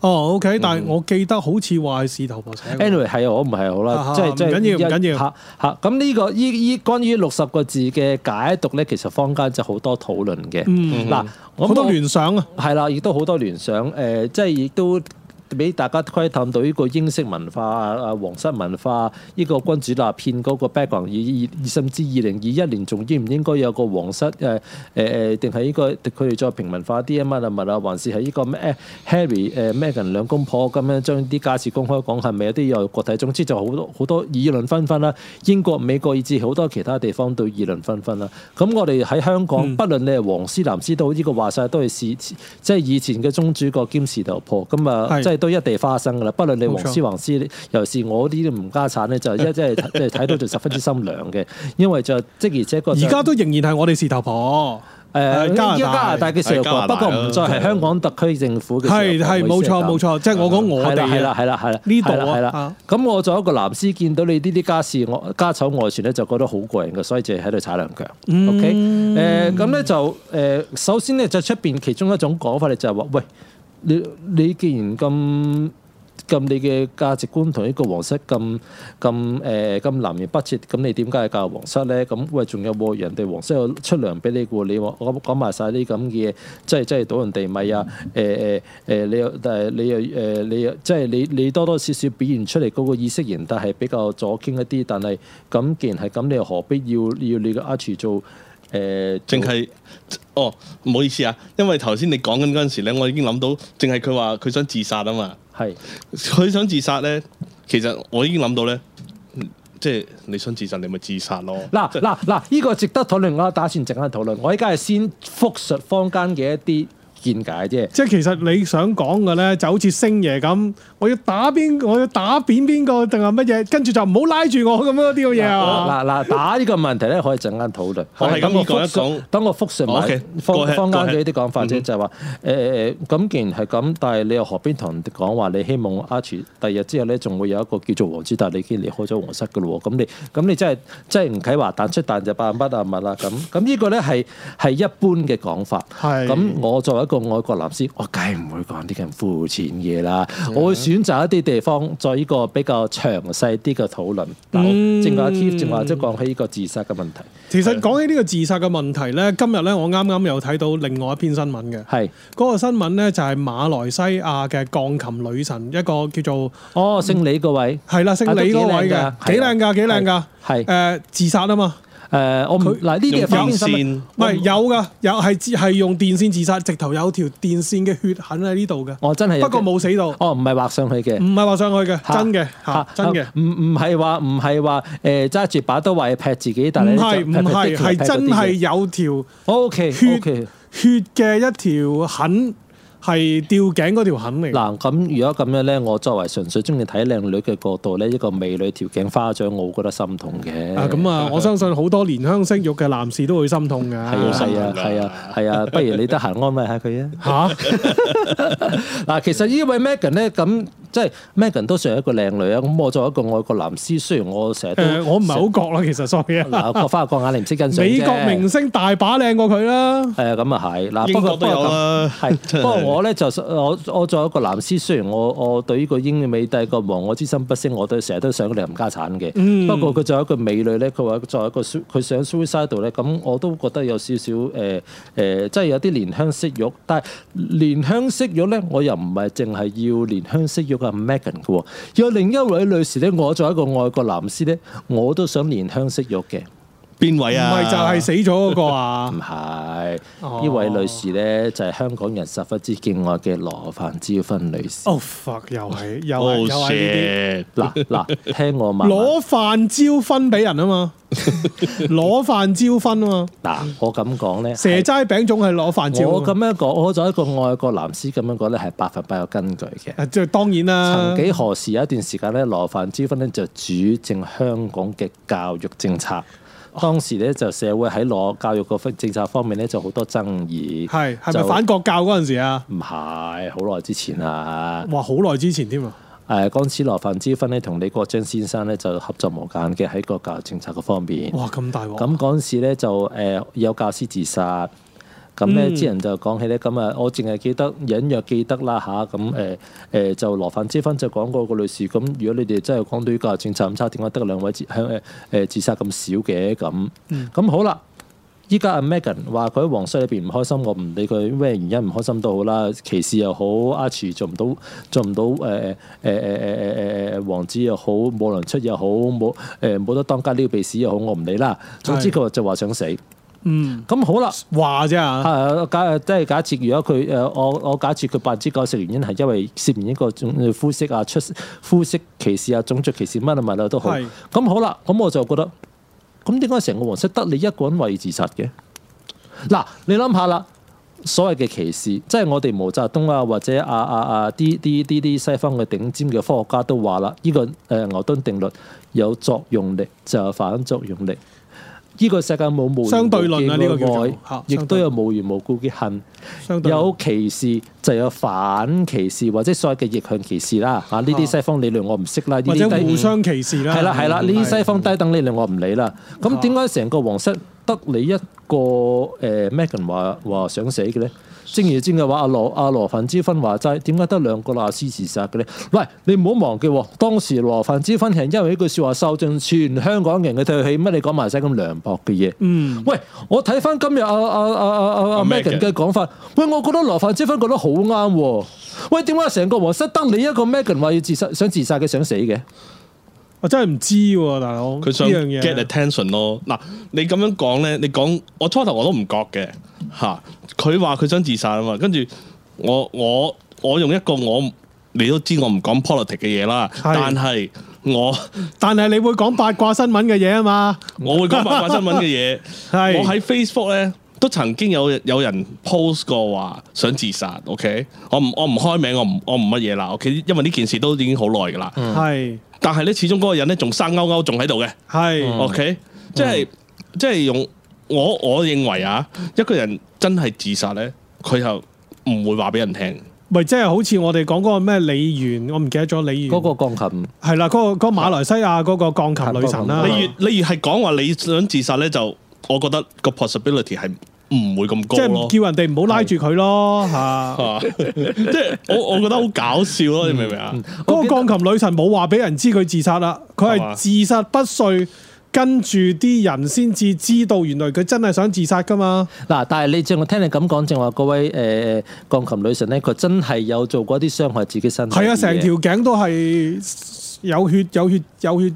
哦、oh，OK，mm hmm. 但係我記得好似話係事頭婆寫，anyway 係我唔係好啦，啊、即是係即一係一嚇嚇。咁呢、啊呢個依依關於六十個字嘅解讀咧，其實坊間就好多討論嘅。嗯、mm，嗱、hmm. 啊，好多，多聯想啊，係啦，亦都好多聯想誒、呃，即係亦都。俾大家窺探到呢個英式文化啊、皇室文化，呢個君主立憲嗰個 background，以甚至二零二一年仲應唔應該有個皇室誒誒誒，定係呢個佢哋再平民化啲啊？問啊問啊，還是係呢個咩 Harry 誒 Meghan 兩公婆咁樣將啲家事公開講係咪有啲有國體？總之就好多好多議論紛紛啦，英國、美國以至好多其他地方都議論紛紛啦。咁我哋喺香港，不論你係黃絲、藍絲都好，呢個話晒都係事，即係以前嘅宗主國兼事頭婆咁啊，即係。都一地花生㗎喇，不論你黃絲黃絲，尤其是我呢啲唔家產咧，就一即係即係睇到就十分之心涼嘅，因為就即而且個而家都仍然係我哋是頭婆事頭婆誒。加拿大嘅説話，不過唔再係香港特區政府嘅。係係冇錯冇錯，即係我講我嘅嘢。係啦係啦係啦，呢度係啦。咁我作為一個藍絲，見到你呢啲家事，我家醜外傳咧，就覺得好過癮嘅，所以就喺度踩兩腳。OK，誒咁咧就誒首先咧就出邊其中一種講法咧就係話喂。你你既然咁咁你嘅價值觀同呢個皇室咁咁誒，咁南轅北轍，咁你點解教皇室咧？咁喂，仲有喎，人哋皇室出糧俾你喎，你話我講埋曬啲咁嘅嘢，真係真係倒人哋米啊！誒誒誒，你又但係你又誒你又即係你你多多少少表現出嚟嗰個意識形態係比較左傾一啲，但係咁既然係咁，你又何必要要你個 Archie 做？誒，淨係、呃、哦，唔好意思啊，因為頭先你講緊嗰陣時咧，我已經諗到，淨係佢話佢想自殺啊嘛。係是，佢想自殺咧，其實我已經諗到咧，即係你想自殺，你咪自殺咯。嗱嗱嗱，呢正、這個值得討論，我打算整下討論。我依家係先復述坊間嘅一啲。見解啫，即係其實你想講嘅咧，就好似星爺咁，我要打邊，我要打扁邊個定係乜嘢？跟住就唔好拉住我咁樣，呢個嘢啊！嗱嗱，打呢個問題咧，可以陣間討論。啊、我係咁一講，等我複述翻，啊、okay, 方方剛啲講法啫，行嗯、哼就係話誒咁既然係咁，但係你又何必同人哋講話？你希望阿馳第二日之後咧，仲會有一個叫做王子，你已經離開咗皇室嘅咯喎？咁你咁你，你真係真係唔係話彈出彈入百乜啊物啊咁？咁呢個咧係係一般嘅講法。係。咁我作為的個外國男士，我梗係唔會講啲咁膚淺嘢啦，我會選擇一啲地方，做一個比較詳細啲嘅討論。嗱，正話即係講起呢個自殺嘅問題。其實講起呢個自殺嘅問題呢，今日呢，我啱啱又睇到另外一篇新聞嘅，係嗰個新聞呢，就係馬來西亞嘅鋼琴女神一個叫做哦姓李嗰位，係啦，姓李嗰位嘅，幾靚㗎，幾靚㗎，幾靚㗎，係自殺啊嘛。誒我唔嗱呢啲係電線，唔係有㗎，有係係用電線自殺，直頭有條電線嘅血痕喺呢度嘅。哦，真係，不過冇死到。哦，唔係畫上去嘅，唔係畫上去嘅，真嘅，嚇，真嘅。唔唔係話唔係話誒揸住把刀嚟劈自己，但係唔係唔係，係真係有條 O K 血血嘅一條痕。係吊頸嗰條痕嚟。嗱、啊，咁如果咁樣咧，我作為純粹中意睇靚女嘅角度咧，一個美女條頸花咗，我覺得心痛嘅。啊，咁啊，我相信好多憐香惜玉嘅男士都會心痛嘅。係 啊，係啊，係啊，係啊， 不如你得閒安慰下佢啊。嚇、啊？嗱， 其實位呢位 Megan 咧，咁。即係 Meghan 都算一個靚女啊！咁我作為一個外國男士，雖然我成日都、欸、我唔係好覺咯，其實 sorry 啊，嗱，各花各眼你唔識跟上。美國明星大把靚過佢啦。誒咁啊係，嗱、呃、不過不過係， 不過我咧就我我作為一個男士，雖然我我對呢個英美帝國亡我之心不息，我都成日都想佢哋冚家產嘅。嗯、不過佢作為一個美女咧，佢話作為一個佢想 Suicide 度咧，咁我都覺得有少少誒誒，即係有啲憐香惜玉。但係憐香惜玉咧，我又唔係淨係要憐香惜玉。個 Megan 嘅喎，有另一位女士咧，我作為一個外國男士咧，我都想憐香惜玉嘅。邊位啊？唔係就係死咗嗰個啊？唔係呢位女士呢，就係、是、香港人十分之敬愛嘅羅范椒芬女士。哦、oh，佛又係、oh、shit. 又係又係嗱嗱， 聽我問。攞范椒芬俾人啊嘛，攞范椒芬啊嘛。嗱， 我咁講呢。蛇齋餅粽係攞范椒。我咁樣講，我就一個外國男士咁樣講呢，係百分百有根據嘅。即係、啊、當然啦。曾幾何時有一段時間呢，羅范椒芬呢，就主政香港嘅教育政策。 當時咧就社會喺攞教育個政策方面咧就好多爭議，係係咪反國教嗰陣時啊？唔係，好耐之前啊。哇，好耐之前添啊！誒，嗰陣時羅范之分咧，同李國章先生咧就合作無間嘅喺個教育政策個方面。哇，咁大鑊！咁嗰陣時咧就誒有教師自殺。咁呢啲人就講起咧，咁啊，我淨係記得隱約記得啦吓，咁誒誒就羅范椒芬就講過個女士，咁、啊、如果你哋真係講到依個政策，咁差點解得兩位自香誒、啊呃、自殺咁少嘅？咁、啊、咁、嗯、好啦，依家阿 Megan 話，佢喺皇室裏邊唔開心，我唔理佢咩原因唔開心都好啦，歧視又好，Archie 做唔到做唔到誒誒誒誒誒誒誒王子又好，冇人出又好，冇誒冇得當家拎鼻屎又好，我唔理啦，總之佢就話想死。嗯，咁好啦，話啫吓，假，即係假設，如果佢誒，我我假設佢百分之九十原因係因為涉嫌一個種膚色啊，出膚色歧視啊，種族歧視乜啊，物啊都好。咁好啦，咁我就覺得，咁點解成個皇室得你一個人為自殺嘅？嗱，你諗下啦，所謂嘅歧視，即係我哋毛澤東啊，或者阿阿阿啲啲啲啲西方嘅頂尖嘅科學家都話啦，呢個誒牛頓定律有作用力就有反作用力。呢個世界冇無緣無故嘅愛，亦都有無緣無故嘅恨，有歧視就有反歧視，或者所謂嘅逆向歧視啦。嚇、啊，呢啲西方理論我唔識啦。或者互相歧視啦。係啦係啦，呢啲的西方低等理論我唔理啦。咁點解成個皇室得你一個？誒，Meghan 話話想死嘅咧？正而正嘅話，阿羅阿羅范之芬話齋，點解得兩個老師自殺嘅咧？喂，你唔好忘記，當時羅范之芬係因為一句說話受盡全香港人嘅唾棄，乜你講埋晒咁涼薄嘅嘢？嗯，喂，我睇翻今日阿阿阿阿阿 Meghan 嘅講法，喂，我覺得羅范之芬覺得好啱，啊。喂，點解成個皇室得你一個 Meghan 話要自殺，想自殺嘅想死嘅？我真係唔知喎、啊，大佬呢樣嘢。想 get attention 咯。嗱，你咁樣講咧，你講我初頭我都唔覺嘅嚇。佢話佢想自殺啊嘛，跟住我我我用一個我你都知我唔講 politics 嘅嘢啦。是但係我但係你會講八卦新聞嘅嘢啊嘛。 我會講八卦新聞嘅嘢。係 是，我喺 Facebook 咧都曾經有有人 post 過話想自殺。OK，我唔我唔開名，我唔我唔乜嘢啦。OK，因為呢件事都已經好耐噶啦。係、嗯。但係咧，始終嗰個人咧仲生勾勾，仲喺度嘅。係，OK，即係、嗯、即係用我，我認為啊，一個人真係自殺咧，佢就唔會話俾人聽。唔係即係好似我哋講嗰個咩李元，我唔記得咗李元。嗰個鋼琴係啦，嗰、那個嗰、嗰個、馬來西亞嗰個鋼琴女神啦、啊。你越你越係講話你想自殺咧，就我覺得個 possibility 係。唔會咁高，即係叫人哋唔好拉住佢咯，嚇！即係我我覺得好搞笑咯， 你明唔明啊？嗰記個鋼琴女神冇話俾人知佢自殺啦，佢係自殺不遂，跟住啲人先至知道原來佢真係想自殺噶嘛。嗱，但係你正我聽你咁講，正話嗰位誒、呃、鋼琴女神呢，佢真係有做過啲傷害自己身體，係啊，成條頸都係有血、有血、有血。有血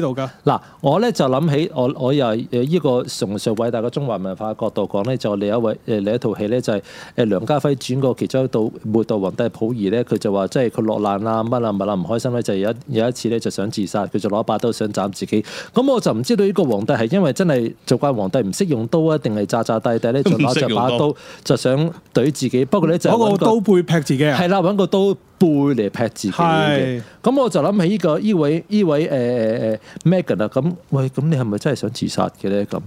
度噶，嗱，我咧就諗起我我又誒呢個崇尚偉大嘅中華文化角度講咧，就一、啊、另一位誒另一套戲咧，就係、是、誒梁家輝轉過其中一道末代皇帝溥儀咧，佢就話即係佢落難啦，乜啦乜啦，唔開心咧，就有一有一次咧就想自殺，佢就攞把刀想斬自己。咁我就唔知道呢個皇帝係因為真係做慣皇帝唔識用刀啊，定係咋咋第第咧就攞著把刀用就想懟自己。不過咧就揾個刀背劈自己啊。係過啦，揾個刀。背嚟劈自己咁是我就諗起呢個呢位呢位誒誒誒 Meghan 啦，咁、呃、喂，咁你係咪真係想自殺嘅咧？咁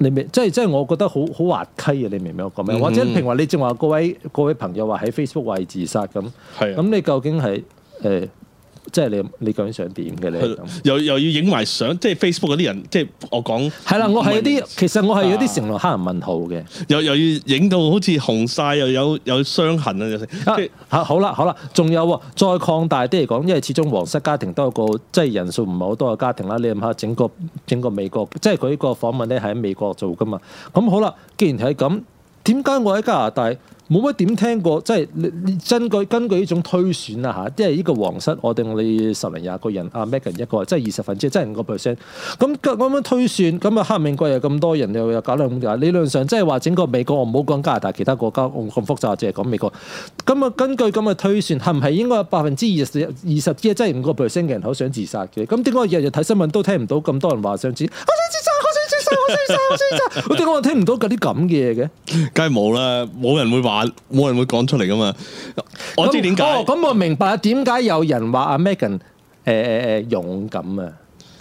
你明，即係即係，我覺得好好滑稽啊！你明唔明我講咩？嗯、或者譬如你正話各位各位朋友話喺 Facebook 位自殺咁，咁、啊、你究竟係誒？呃即係你你究竟想點嘅咧？又又要影埋相，即係 Facebook 嗰啲人，即係我講。係啦，我係有啲，是其實我係有啲成龍黑人問號嘅，啊，又又要影到好似紅晒，又有有傷痕啊！即好啦，好啦，仲有再擴大啲嚟講，因為始終皇室家庭都有個即係人數唔係好多嘅家庭啦。你諗下整個整個美國，即係佢呢個訪問咧喺美國做噶嘛。咁、嗯、好啦，既然係咁，點解我喺加拿大冇乜點聽過，即係你根據根據呢種推算啦嚇，即係呢個皇室我定你十零廿個人，阿 Meghan 一個，即係二十分之即係五個 percent。咁咁樣推算，咁啊黑命貴又咁多人又搞兩點理論上即係話整個美國，我唔好講加拿大其他國家，咁複雜，只係講美國。咁啊根據咁嘅推算，係唔係應該有百分之二十二十嘅即係五個 percent 嘅人口想自殺嘅？咁點解我日日睇新聞都聽唔到咁多人話想自，我想自殺？我衰晒，我衰晒，我點解我聽唔到嗰啲咁嘅嘢嘅？梗係冇啦，冇人會話，冇人會講出嚟噶嘛。我知點解，咁、哦、我明白點解有人話阿 Megan 誒、呃、誒誒勇敢啊，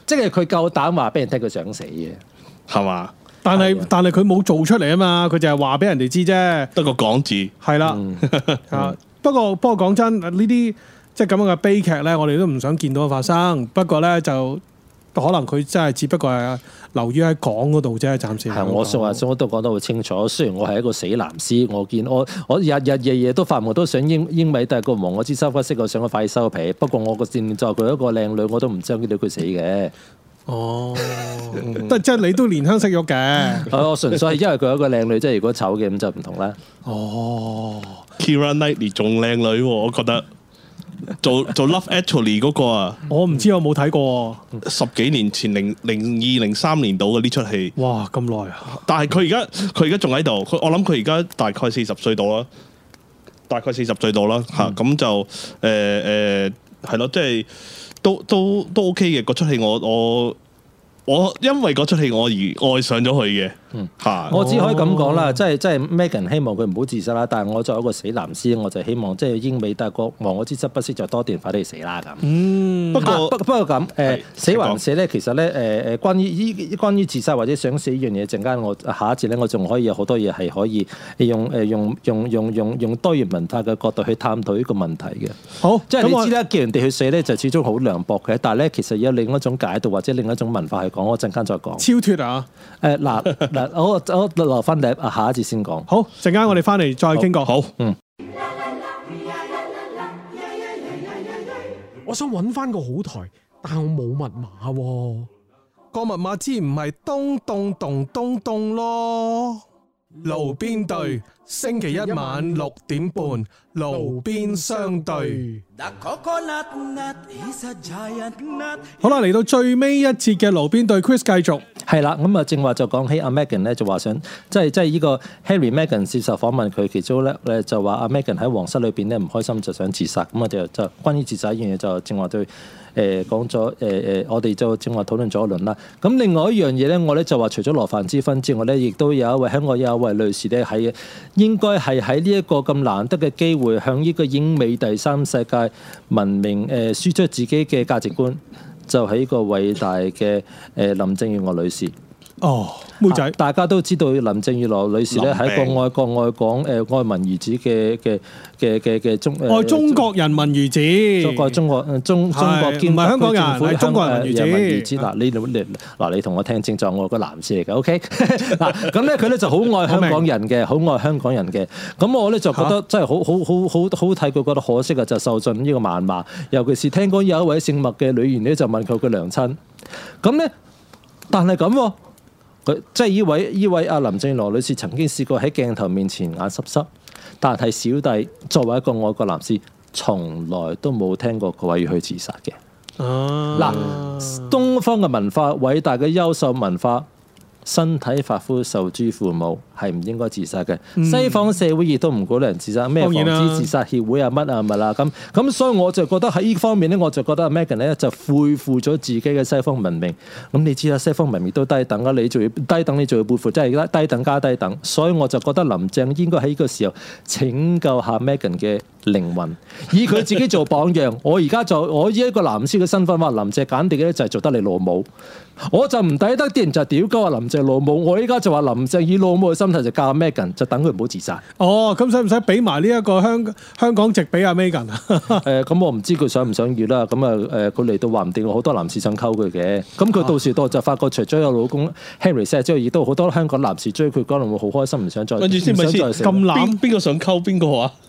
即係佢夠膽話俾人聽佢想死嘅，係對呀 嘛？但係但係佢冇做出嚟啊嘛，佢就係話俾人哋知啫，得個講字係啦。啊，不過不過講真，呢啲即係咁樣嘅悲劇咧，我哋都唔想見到佢發生。不過咧、就是、就。可能佢真係只不過係留於喺港嗰度啫，暫時。係、啊，我成日都都講得好清楚。雖然我係一個死男屍，我見我我日日夜夜都發夢，都想英英美，但係個王我知收骨色，我想快收皮。不過我個戰作佢一個靚女，我都唔知見到佢死嘅。哦，都 即係你都年輕識肉嘅。 我純粹係因為佢一個靚女，即係如果醜嘅咁就唔同啦。哦，Kira Knightley 仲靚女，我覺得。做做 Love Actually 嗰個啊，我唔知我冇睇過、啊，十幾年前零零二零三年到嘅呢出戲，哇咁耐啊！但係佢而家佢而家仲喺度，佢我諗佢而家大概四十歲到啦，大概四十歲到、嗯啊呃呃、啦吓，咁就誒誒係咯，即係都都都 OK 嘅，嗰出戲我我我因為嗰出戲我而愛上咗佢嘅。嗯、我只可以咁講啦，即係即係 Megan 希望佢唔好自殺啦，但係我作為一個死男屍，我就希望即係英美大國亡我之心不死就多啲快啲死啦咁。不過不過咁，誒、呃、是死還唔死咧？其實咧誒誒關於依關於自殺或者想死呢樣嘢，陣間我下一節咧，我仲可以有好多嘢係可以用誒、呃、用用用用用多元文化嘅角度去探討呢個問題嘅。好、哦，我即係你知啦，叫人哋去死咧就始終好涼薄嘅，但係咧其實有另一種解讀或者另一種文化去講，我陣間再講。超脫啊！誒嗱。好，我留翻第啊下一節先講。好，陣間我哋翻嚟再傾過。好，嗯。我想揾翻個好台，但係我冇密碼哦。個密碼之前唔係東咚咚咚咚咯。爐邊對，星期一晚六點半，爐邊相對。The coconut, giant, 好啦，嚟到最尾一節嘅爐邊對，Chris 繼續。係啦，咁啊，正話就講起阿 Meghan 咧，就話想，即係即係呢個 Harry Meghan 接受訪問，佢其中咧咧就話阿 Meghan 喺皇室裏邊咧唔開心，就想自殺。咁我哋就關於自殺一樣嘢，就正話對。誒、呃、講咗誒誒，我哋就正話討論咗一輪啦。咁另外一樣嘢咧，我咧就話除咗羅凡之分之外咧，亦都有一位香港有一位女士咧，喺應該係喺呢一個咁難得嘅機會，向呢個英美第三世界文明誒、呃、輸出自己嘅價值觀，就係、是、一個偉大嘅誒、呃、林鄭月娥女士。哦，妹仔，大家都知道林鄭月娥女士咧，係一個愛國愛港、誒愛民如子嘅嘅嘅嘅嘅中愛中國人，民如子。中國中國中中國唔係香港人，係中國人如子。嗱，你你嗱，你同我聽清楚，我係個男士嚟嘅，OK 嗱。咁咧，佢咧就好愛香港人嘅，好愛香港人嘅。咁我咧就覺得真係好好好好好睇，佢覺得可惜呀，就受盡呢個謾罵。尤其是聽講有一位姓麥嘅女員咧，就問佢佢娘親。咁咧，但係咁。即係呢位依位阿林鄭月娥女士曾經試過喺鏡頭面前眼濕濕，但係小弟作為一個外國男士，從來都冇聽過佢話要去自殺嘅。嗱、啊，東方嘅文化，偉大嘅優秀文化。身體髮膚受之父母，係唔應該自殺嘅。嗯、西方社會亦都唔鼓勵人自殺，咩防止自殺協會啊乜啊咪啦咁咁，所以我就覺得喺呢方面呢，我就覺得 Megan 咧，就背負咗自己嘅西方文明。咁你知啦，西方文明都低等啊，你仲要低等，你仲要背負即係低等加低等。所以我就覺得林鄭應該喺呢個時候拯救下 Megan 嘅靈魂，以佢自己做榜樣。 我而家就我以一個男士嘅身份話，林鄭簡哋嘅就係做得你老母。我就唔抵得啲人就屌鳩話林鄭老母，我依家就話林鄭以老母嘅心態就嫁 Megan，就等佢唔好自殺。哦，咁使唔使俾埋呢一個香香港籍俾阿 m 咩人啊？誒， 咁、嗯嗯、我唔知佢想唔想月啦。咁啊誒，佢嚟到話唔定好多男士想溝佢嘅。咁佢、啊、到時到就發覺除咗有老公 Henry s e 之後，亦都好多香港男士追佢，可能會好開心，唔想再跟住先，咪先咁濫，邊個想溝邊個啊？嗯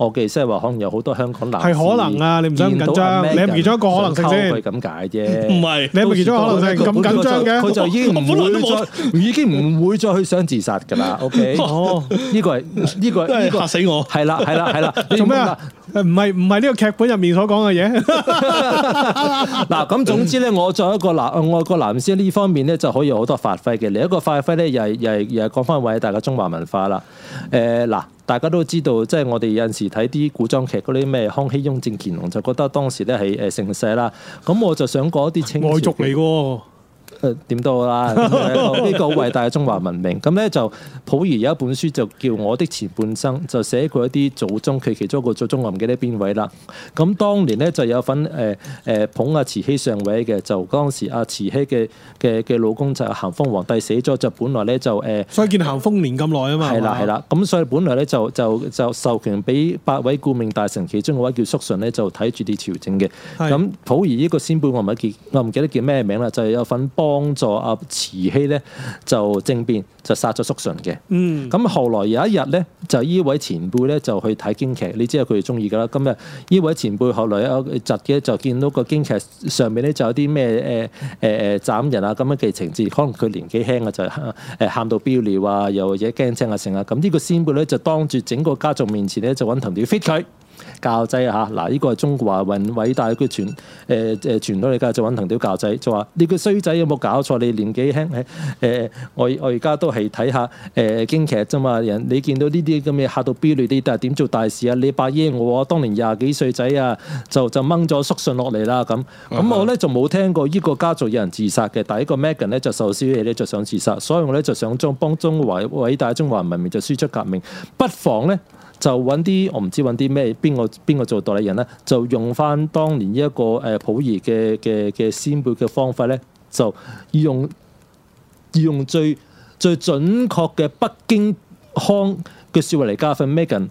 我嘅即係話，可能有好多香港男。係可能啊！你唔想緊張，你唔記咗一個，個可能性咁解啫。唔係，你唔記咗一個可能性咁緊張嘅？佢就已經唔會再，已經唔會再去想自殺㗎啦。OK。哦，呢、這個係呢、這個呢、這個、嚇死我！係 啦，係啦，係啦。做咩？唔係唔係呢個劇本入面所講嘅嘢。嗱 咁總之咧，我作為一個男，我個男先呢方面咧就可以好多發揮嘅。另一個發揮咧，又係又係又係講翻偉大嘅中華文化啦。誒、欸、嗱。大家都知道，即係我哋有陣時睇啲古裝劇嗰啲咩、康熙、雍正、乾隆，就覺得當時咧係誒盛世啦。咁我就想講一啲清朝，外族嚟㗎。誒，點都好啦，呢、 嗯嗯這個好偉大嘅中華文明。咁呢，就溥儀有一本書就叫《我的前半生》，就寫過一啲祖宗。佢其中一個祖宗我唔記得邊位啦。咁當年呢，就有份誒誒、呃、捧阿、啊、慈禧上位嘅，就當時阿慈禧嘅嘅嘅老公就咸豐皇帝死咗，就本來呢，就、呃、誒，所以見咸豐年咁耐啊嘛。係啦係啦，咁所以本來呢，就就就授權俾八位顧命大臣，其中個位叫肅順呢就睇住啲朝政嘅。咁溥儀呢個先輩我唔結，記得叫咩名啦，就係、是、有份幫助阿慈禧咧就政變，就殺咗叔順嘅。嗯，咁後來有一日咧就，呢位前輩咧就去睇京劇，你知道佢哋中意噶啦。今日呢位前輩後來一疾嘅，就見到個京劇上面咧就有啲咩誒誒誒斬人啊咁樣嘅情節，可能佢年紀輕啊就誒喊到飆尿啊，又或者驚青啊成啊。咁呢個先輩咧就當住整個家族面前咧就揾藤條 fit 佢。教仔啊！嗱，呢個係中華偉偉大嘅傳誒誒、呃、傳統嚟㗎就揾藤條教仔，就話你個衰仔有冇搞錯？你年紀輕，誒、呃、我我而家都係睇下誒、呃、京劇啫嘛。人你見到呢啲咁嘅嚇到飆淚啲，但係點做大事啊？你伯爺我當年廿幾歲仔啊，就就掹咗叔信落嚟啦咁。咁我咧就冇聽過呢個家族有人自殺嘅，但係呢個 Meghan 咧就受少少氣咧就想自殺，所以我咧就想幫幫中華偉大中華文明就輸出革命，不妨咧。就揾啲我唔知揾啲咩邊個邊個做代理人呢？就用翻當年依一個誒、呃、普爾嘅嘅嘅先輩嘅方法呢，就用用最最準確嘅北京腔嘅説話嚟加分。Meghan。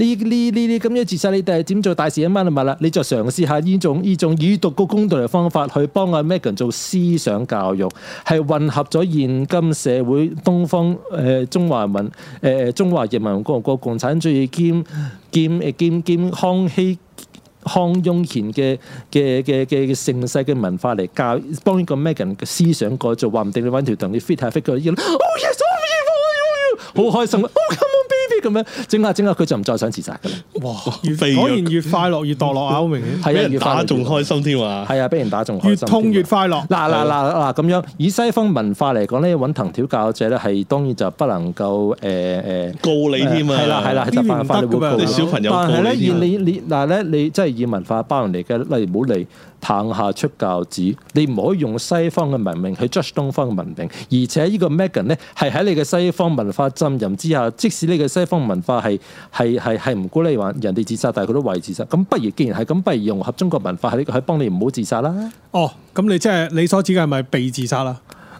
呢呢呢啲咁樣截殺你哋，係點做大事啊？媽咪唔係啦，你就嘗試下呢種呢種以毒攻毒嘅方法，去幫阿 Megan 做思想教育，係混合咗現今社會東方誒中華民誒中華人民共和國共產主義兼兼誒兼兼康熙康雍乾嘅嘅嘅嘅盛世嘅文化嚟教幫呢個 Megan 嘅思想改造，話唔定你揾條凳你 fit 下，fit 下好開心。咁樣整下整下，佢就唔再想自殺嘅啦。哇！肥肉果然越快樂越墮落啊，好明顯。係啊， 越打仲開心添啊。係啊，俾人打仲開心。越痛越快樂。嗱嗱嗱嗱咁樣，以西方文化嚟講咧，揾藤條教子咧，係當然就不能夠誒誒、呃、告你添啊。係啦係啦，特別文化，咁小朋友告你。但係咧，以你你嗱咧，你即係以文化包容嚟嘅，例如唔好嚟藤下出教子，你唔可以用西方嘅文明去 judge 東方嘅文明，而且個呢個 Meghan 咧係喺你嘅西方文化浸淫之下，即使你嘅西方西方文化係係係係唔鼓勵話人哋自殺，但係佢都為自殺。咁不如，既然係咁，不如融合中國文化，喺喺幫你唔好自殺啦，哦就是啊呃。哦，咁你即係你所指嘅係咪被自殺啦？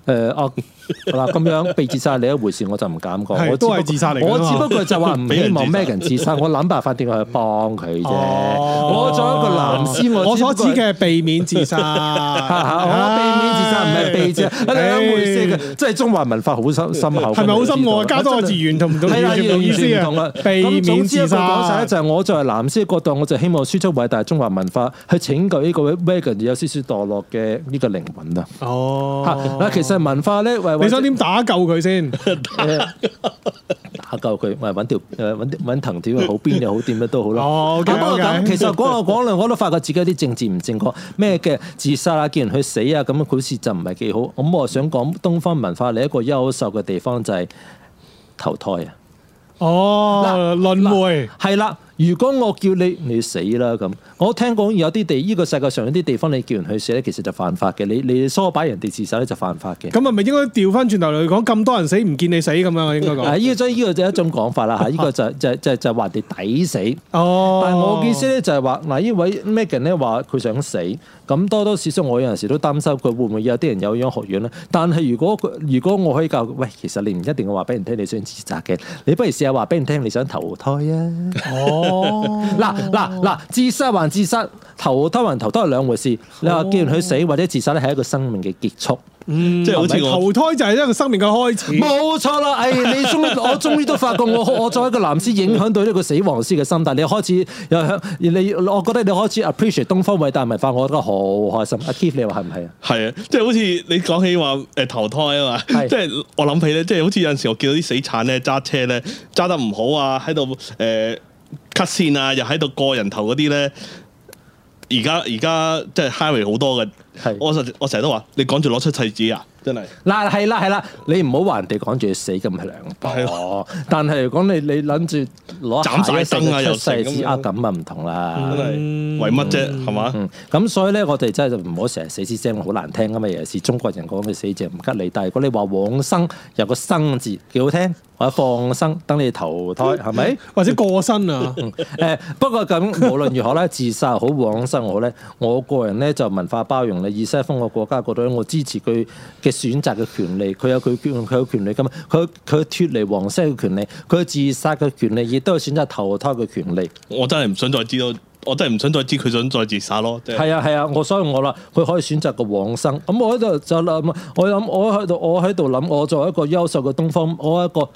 誒，哦。好嗱，咁樣被自殺你一回事，我就唔敢講。我都係自殺嚟嘅。我只不過就話唔希望 Megan 自殺，我諗辦法點去幫佢啫。我作為一個藍絲，我所指嘅係避免自殺。避免自殺唔係避節，兩回事嘅。即係中華文化好深厚。係咪好深？我加多個字同唔同意思啊？避免自殺。咁總之我講曬咧，就係我作為藍絲嘅角度，我就希望輸出偉大中華文化去拯救呢個 Megan 有少少墮落嘅呢個靈魂啦。哦。嗱，其實文化咧你想點打救佢先？打救佢，我係搵條誒，搵藤條，好邊又好點樣都好啦。哦，okay, okay, 其實講下講論，我都發覺自己啲政治唔正確咩嘅自殺啊，叫人去死啊，咁樣好似就唔係幾好。咁我想講東方文化，另一個優秀嘅地方就係投胎啊。哦，輪回係啦。如果我叫你你死啦咁，我聽講有啲地，呢、這個世界上有啲地方你叫人去死咧，其實就犯法嘅。你你唆擺人哋自殺咧就是、犯法嘅。咁係咪應該調返轉頭嚟講，咁多人死唔見你死咁樣啊？應該講。啊，依個就係一種講法啦嚇。依、這個就就就就話你抵死。哦。但係我嘅意思咧就係話嗱，依位 Megan 咧話佢想死，咁多多少少我有陣時都擔心佢會唔會有啲人有樣學樣。咧。但係如果佢如果我可以教，喂，其實你唔一定要話俾人聽你想自殺嘅，你不如試下話俾人聽你想投胎啊。哦 哦，嗱嗱嗱，自殺還自殺，投胎還投胎，係兩回事。你話既然佢死或者自殺咧，係一個生命嘅結束，即係好似投胎就係一個生命嘅開始。冇錯啦！誒，你終，我終於都發覺，我我作為一個男師，影響到呢個死亡師嘅心。但係你開始又你我覺得你開始 appreciate 東方偉大文化，我覺得好開心。阿 Keith，你話係唔係啊？係啊，即係好似你講起話誒投胎啊嘛，即係我諗起咧，即係好似有陣時我見到啲死產咧，揸車咧揸得唔好啊，喺度誒。cut 線啊，又喺度過人頭嗰啲咧，而家而家即係 hire 好多嘅。係是，我成我成日都話，你趕住攞出世紙啊，真係嗱，係啦係啦，你唔好話人哋趕住死咁係兩百。係哦的，但係如果你你諗住攞斬仔生啊出世紙啊咁啊唔同啦，嗯、為乜啫？係嘛？咁、嗯嗯嗯嗯嗯嗯嗯、所以咧，我哋真係唔好成日死字聲，好難聽噶嘛。尤其是中國人講嘅死字唔吉利，但係如果你話往生有個生字，幾好聽。或者放生，等你投胎，係咪？ 或者過身啊？誒，不過咁，無論如何咧，自殺又好，放生又好咧，我個人咧就文化包容以西方嘅國家角度，我支持佢嘅選擇嘅權利，佢有佢決，佢有，有權利咁，佢佢脫離皇室嘅權利，佢自殺嘅權利，亦都有選擇投胎嘅權利。我真係唔想再知道。我真係唔想再知佢想再自殺咯。係、嗯、啊係啊，我所以我啦，佢可以選擇個往生。咁我喺度就諗，我諗我喺度我喺度諗，我作為一個優秀嘅東方，我一個誒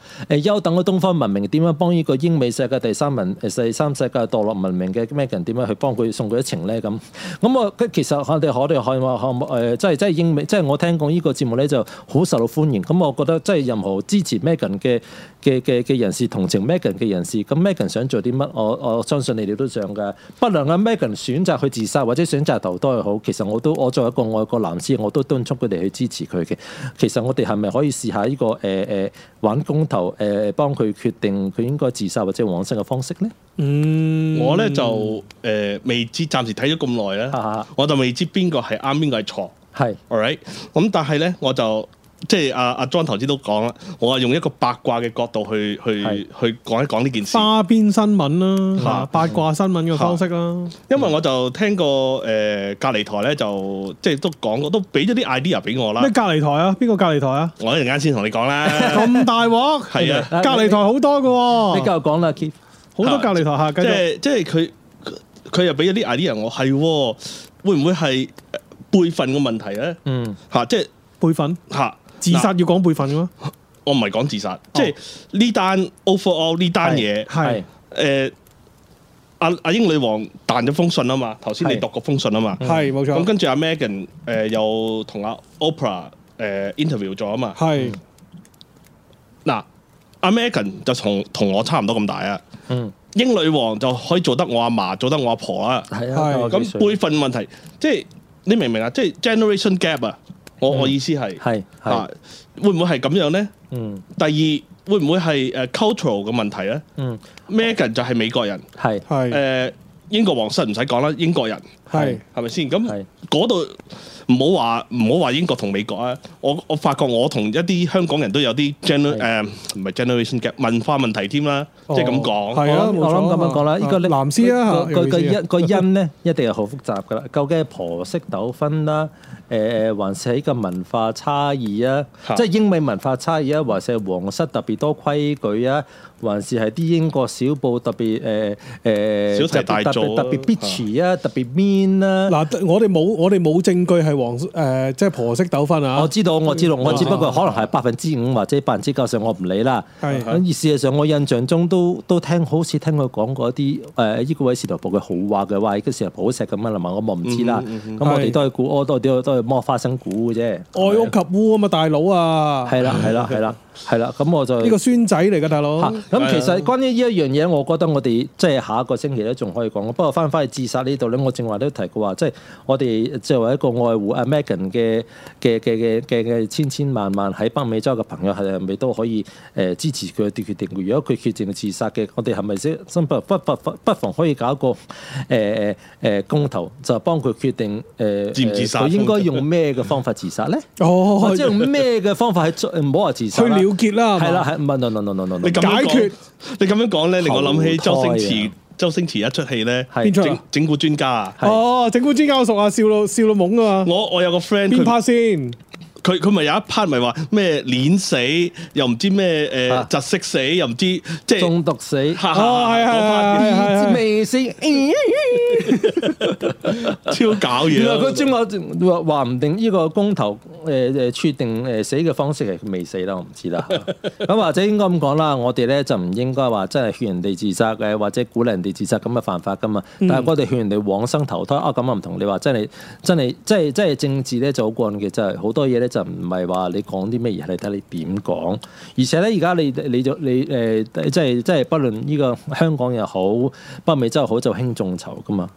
優等嘅東方文明，點樣幫呢個英美世界第三文誒第三世界墮落文明嘅 Megan 點樣去幫佢送佢一程咧？咁咁我其實我哋可以話誒，即係即係英美，即係我聽講呢個節目咧就好受到歡迎。咁我覺得即係任何支持 Megan 嘅嘅嘅嘅人士同情 Megan 嘅人士，咁 Megan 想做啲乜？我我相信你哋都想㗎。不能啊！Meghan 選擇去自殺或者選擇投胎又好，其實我都我作為一個外國男士，我都敦促佢哋去支持佢嘅。其實我哋係咪可以試下呢、這個誒誒、呃、玩公投誒、呃、幫佢決定佢應該自殺或者往生嘅方式呢？嗯，我呢就誒、呃、未知，暫時睇咗咁耐咧，哈哈我就未知邊個係啱，邊個係錯。係是，All right，咁、嗯、但係呢，我就。即係阿阿 John 頭先都講啦，我係用一個八卦嘅角度去去去講一講呢件事。花邊新聞啦，八卦新聞嘅方式啦。因為我就聽過誒隔籬台咧，就即係都講過，都俾咗啲 idea 俾我啦。咩隔籬台啊？邊個隔籬台啊？我一陣間先同你講啦。咁大鑊係啊！隔籬台好多噶，你繼續講啦，Keith。好多隔籬台吓，即係即係佢佢又俾咗啲 idea 我，係會唔會係輩份嘅問題咧？嗯，吓，即係輩份。吓。自殺要講輩份噶嘛？我唔係講自殺，即係呢單 overall 呢單嘢係誒阿阿英女王彈咗封信啊嘛，頭先你讀個封信啊嘛，係冇錯。咁跟住阿 Megan 誒又同阿 Oprah 誒 interview 咗啊嘛，係。嗱阿 Megan 就同同我差唔多咁大啊，嗯。英女王就可以做得我阿嫲，做得我阿婆啦，係啊，係。咁輩份問題，即係你明唔明啊？即係 generation gap 啊！我我意思係係啊，會唔會係咁樣咧？嗯，第二會唔會係誒 cultural 嘅問題咧？嗯，Meghan 就係美國人，係係誒英國皇室唔使講啦，英國人係係咪先？咁嗰度唔好話唔好話英國同美國啊！我我發覺我同一啲香港人都有啲 gener 誒唔係 generation gap 文化問題添啦，即係咁講係啊，我諗咁樣講啦。呢個男司啊，個個因個因咧一定係好複雜噶啦，究竟係婆媳糾紛啦？誒誒、啊，還是喺個文化差異啊，即係英美文化差異啊，還是皇室特別多規矩啊，還是係啲英國小報特別誒誒，小題大做，特別 bitchy 啊，特別 mean 啦。嗱，我哋冇我哋冇證據係皇誒，即係婆媳糾紛啊。我知道，我知道，我只不過可能係百分之五或者百分之九十，我唔理啦。咁而、啊、事實上，我印象中都都聽，好似聽佢講過啲誒，依、呃這個位時事報嘅好話嘅話，依、這個時事報好錫咁樣啦嘛，我冇唔知啦。咁我哋都係估，我都都都。摸花生股啫，愛屋及烏啊嘛，大佬啊，係啦， 係啦，係啦，係啦，咁我就呢個孫仔嚟㗎，大佬。咁、啊、其實關於呢一樣嘢，我覺得我哋即係下一個星期咧，仲可以講。不過翻返去自殺呢度咧，我正話都提過話，即係我哋作為一個愛護阿 Meghan 嘅嘅嘅嘅嘅千千萬萬喺北美洲嘅朋友係咪都可以誒支持佢嘅決定？如果佢決定自殺嘅，我哋係咪先不不不,不,不,不,不妨可以搞一個誒誒誒公投，就幫佢決定誒？自唔自殺？佢應該用咩嘅方法自殺咧？哦，即係用咩嘅方法去唔好話自殺， 去了結啦。係啦，係。唔係，唔係，唔係，唔係，唔係，唔係。你解決， 你咁樣講咧，令我諗起周星馳， 周星馳一出戲咧，整整蠱專家,是、哦、專家啊。哦，整蠱專家我熟啊，笑到笑到懵啊。我我有個 friend，邊 part 先。佢佢咪有一 part 咪話咩碾死又唔知咩，誒窒息死又唔知，即係中毒死未死超搞嘢！佢中話唔定呢個公投誒誒決定誒死嘅方式係未死啦，我唔知啦。咁或者應該咁講啦，我哋咧就唔應該話真係勸人哋自殺嘅，或者鼓勵人哋自殺咁嘅犯法噶嘛。但係我哋勸人哋往生投胎啊咁啊唔同。你話真係真係即係即係政治咧就好過嘅，真係好多嘢咧。就唔係話你講啲咩嘢，係睇你點講。而且咧，而家你你，你、呃、就你、係、誒，即係即係，不論呢個香港又好，北美洲又好，就興眾籌噶嘛。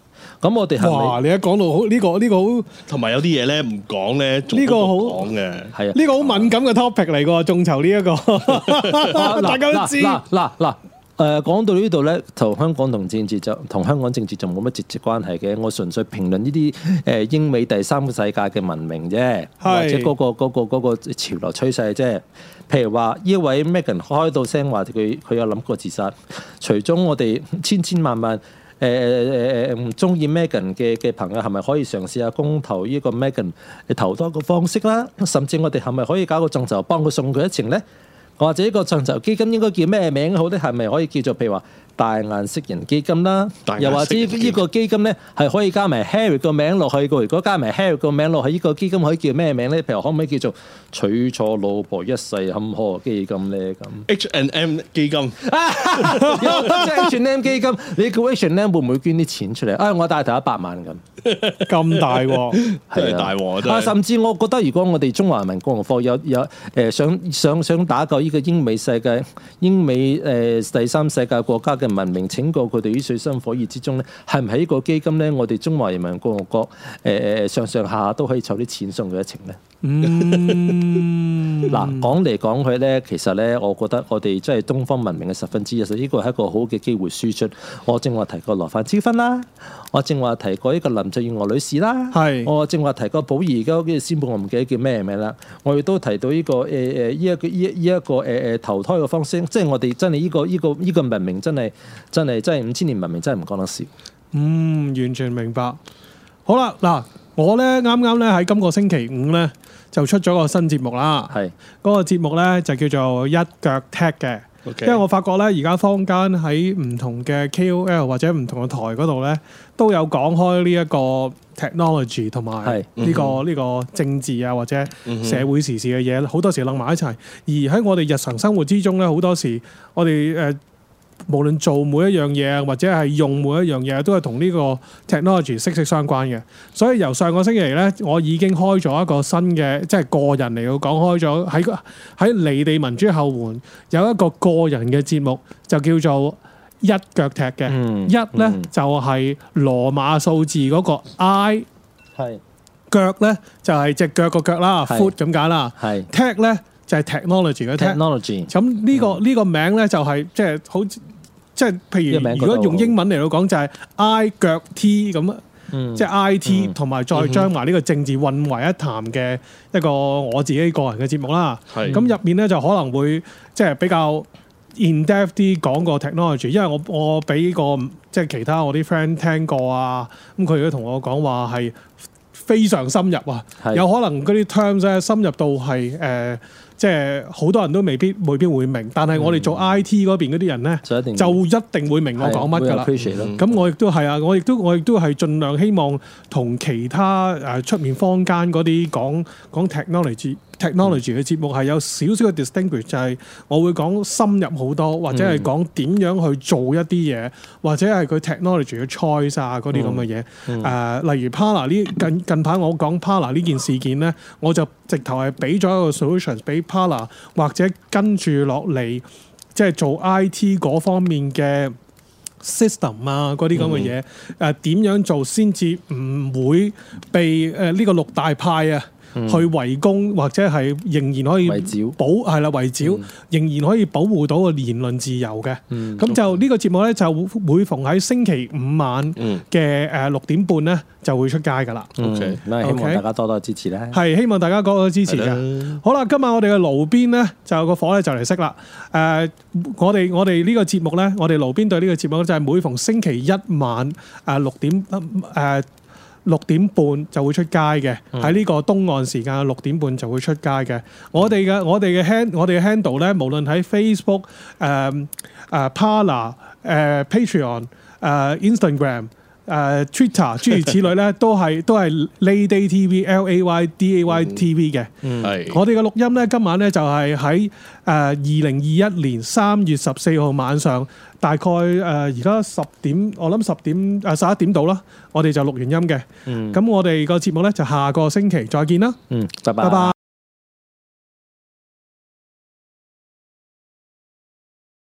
咁我哋哇，你一講到好、呢個、呢個呢、呢個好，同、呢、埋、個、有啲嘢咧唔講咧，呢個好講嘅係啊，呢個好敏感嘅 topic 嚟㗎，眾籌呢、呢、一個， 大家都知嗱嗱。啊啊啊啊啊啊啊誒、呃、講到呢度咧，同香港同政治就同香港政治就冇乜直接關係嘅。我純粹評論呢啲誒英美第三個世界嘅文明啫， 或者嗰、嗰個嗰、嗰個嗰個嗰個、潮流趨勢啫。譬如話呢位 Meghan 開到聲話佢佢有諗過自殺，隨中我哋千千萬萬誒誒、呃、誒唔、呃、中意 Meghan 嘅嘅朋友係咪可以嘗試下公投呢個 Meghan 嘅投多個方式啦？甚至我哋係咪可以搞個眾籌幫佢送佢一程咧？或者一個尋仇基金應該叫咩名好啲？係咪可以叫做譬如話，大顏色人基金啦，又或者呢個基金咧係可以加埋 Harry 個名落去個。如果加埋 Harry 個名落去呢、呢個基金可以叫咩名咧？譬如可唔可以叫做娶錯老婆一世坎坷基金咧？咁 H and M 基金，即 H and M 基金。你叫 H and M 會唔會捐啲錢出嚟？啊、哎，我帶頭一百萬咁，咁大喎、哦， 啊、大鑊、啊、甚至我覺得，如果我哋中華人民共和國有有誒、呃、想想想打救呢個英美世界、英美誒、呃、第三世界國家嘅。文明拯救佢哋於水深火熱之中咧，係唔係呢個基金咧？我哋中華人民共和國誒、呃、上上下下都可以湊啲錢送佢一程咧。嗱，嗯、 講嚟講去咧，其實咧，我覺得我哋真係東方文明嘅十分之一，所以呢個係一個好嘅機會輸出。我正話提過羅范椒芬啦，我正話提過呢個林鄭月娥女士啦，係是，我正話提過寶儀而家跟住宣布我唔記得叫咩名啦。我亦都提到呢個誒誒依一個依、呃、一個誒誒投胎嘅方式，即係我哋真係呢、這個依、這個依、這個文明真係真係真係五千年文明真係唔講得笑。嗯，完全明白。好啦，嗱。我咧啱啱咧喺今個星期五咧就出咗個新節目啦，嗰是個節目咧就叫做一腳踢嘅。Okay. 因為我發覺咧而家坊間喺唔同嘅 KOL 或者唔同嘅台嗰度咧都有講開呢一個 technology 同埋、呢、呢個呢、mm hmm. 呢個呢個政治啊或者社會時事嘅嘢，好、mm hmm. 多時諗埋一齊，而喺我哋日常生活之中咧好多時我哋誒，呃無論做每一樣嘢，或者係用每一樣嘢，都係同呢個 technology 息息相關嘅。所以由上個星期呢，我已經開咗一個新嘅，即係個人嚟講，開咗喺喺離地民主後援有一個個人嘅節目，就叫做一腳踢嘅。一呢就係羅馬數字嗰個 I，係腳呢就係隻腳個腳啦，foot 咁解啦。係踢呢就係 technology 嘅 technology。咁呢個呢個名呢就係即係好似。即係譬如如果用英文嚟到講就係 I 腳 T 咁，嗯，即係 I T 同埋再將埋呢個政治混為一談嘅一個我自己個人嘅節目啦。咁入、嗯、面呢，就可能會即係比較 in depth 啲講個 technology，因為我我俾個即係、就是、其他我啲 friend 聽過啊，咁佢都同我講話係非常深入啊，是有可能嗰啲 terms 深入到係誒。呃即係好多人都未必未必會明，但係我哋做 I T 邊啲人咧，嗯、就，一就一定會明我講乜噶啦。咁、嗯、我亦都係啊，我亦都我亦都係盡量希望同其他誒出、呃、面坊間啲講講 technology。technology 嘅節目係有少少嘅 distinguish，就係我會講深入好多，或者係講點樣去做一啲嘢，或者係佢 technology 嘅 choice 啊，嗰啲咁嘅嘢。誒、嗯，嗯 uh, 例如 Parler 呢近近排我講 Parler 呢件事件咧，我就直頭係俾咗一個 solution 俾 Parler 或者跟住落嚟即係做 IT 嗰方面嘅 system 啊，嗰啲咁嘅嘢。誒、嗯，點、嗯 uh, 樣做先至唔會被誒呢、呃呢個六大派啊？嗯、去圍攻或者係仍然可以保係啦朝，圍剿、嗯、仍然可以保護到個言論自由嘅。咁、嗯、就呢個節目咧，就每逢喺星期五晚嘅誒六點半咧就會出街噶啦。嗯、OK，大家多多支持啦。係希望大家多多支持啊！好啦，今晚我哋嘅爐邊咧就有個火咧就嚟熄啦。誒、呃，我哋我哋呢個節目咧，我哋爐邊對呢個節目就係每逢星期一晚誒六點誒。呃呃呃呃六點半就會出街嘅，喺呢、嗯、個東岸時間六點半就會出街嘅。我哋嘅我哋嘅 hand 我哋嘅 handle 咧，無論喺 Facebook 誒、呃、啊、Parler 誒、呃、Patreon 誒、呃、Instagram 誒、呃、Twitter 諸如此類咧， 都係都係 LayDayTV、l a y d a y t v 嘅。嗯，我哋嘅錄音咧，今晚咧就係喺誒二零二一年三月十四號晚上。大概誒而家十點，我諗十點誒十一點度啦。我哋就錄完音嘅，嗯，咁我哋個節目咧就下個星期再見啦。嗯，拜拜，拜拜。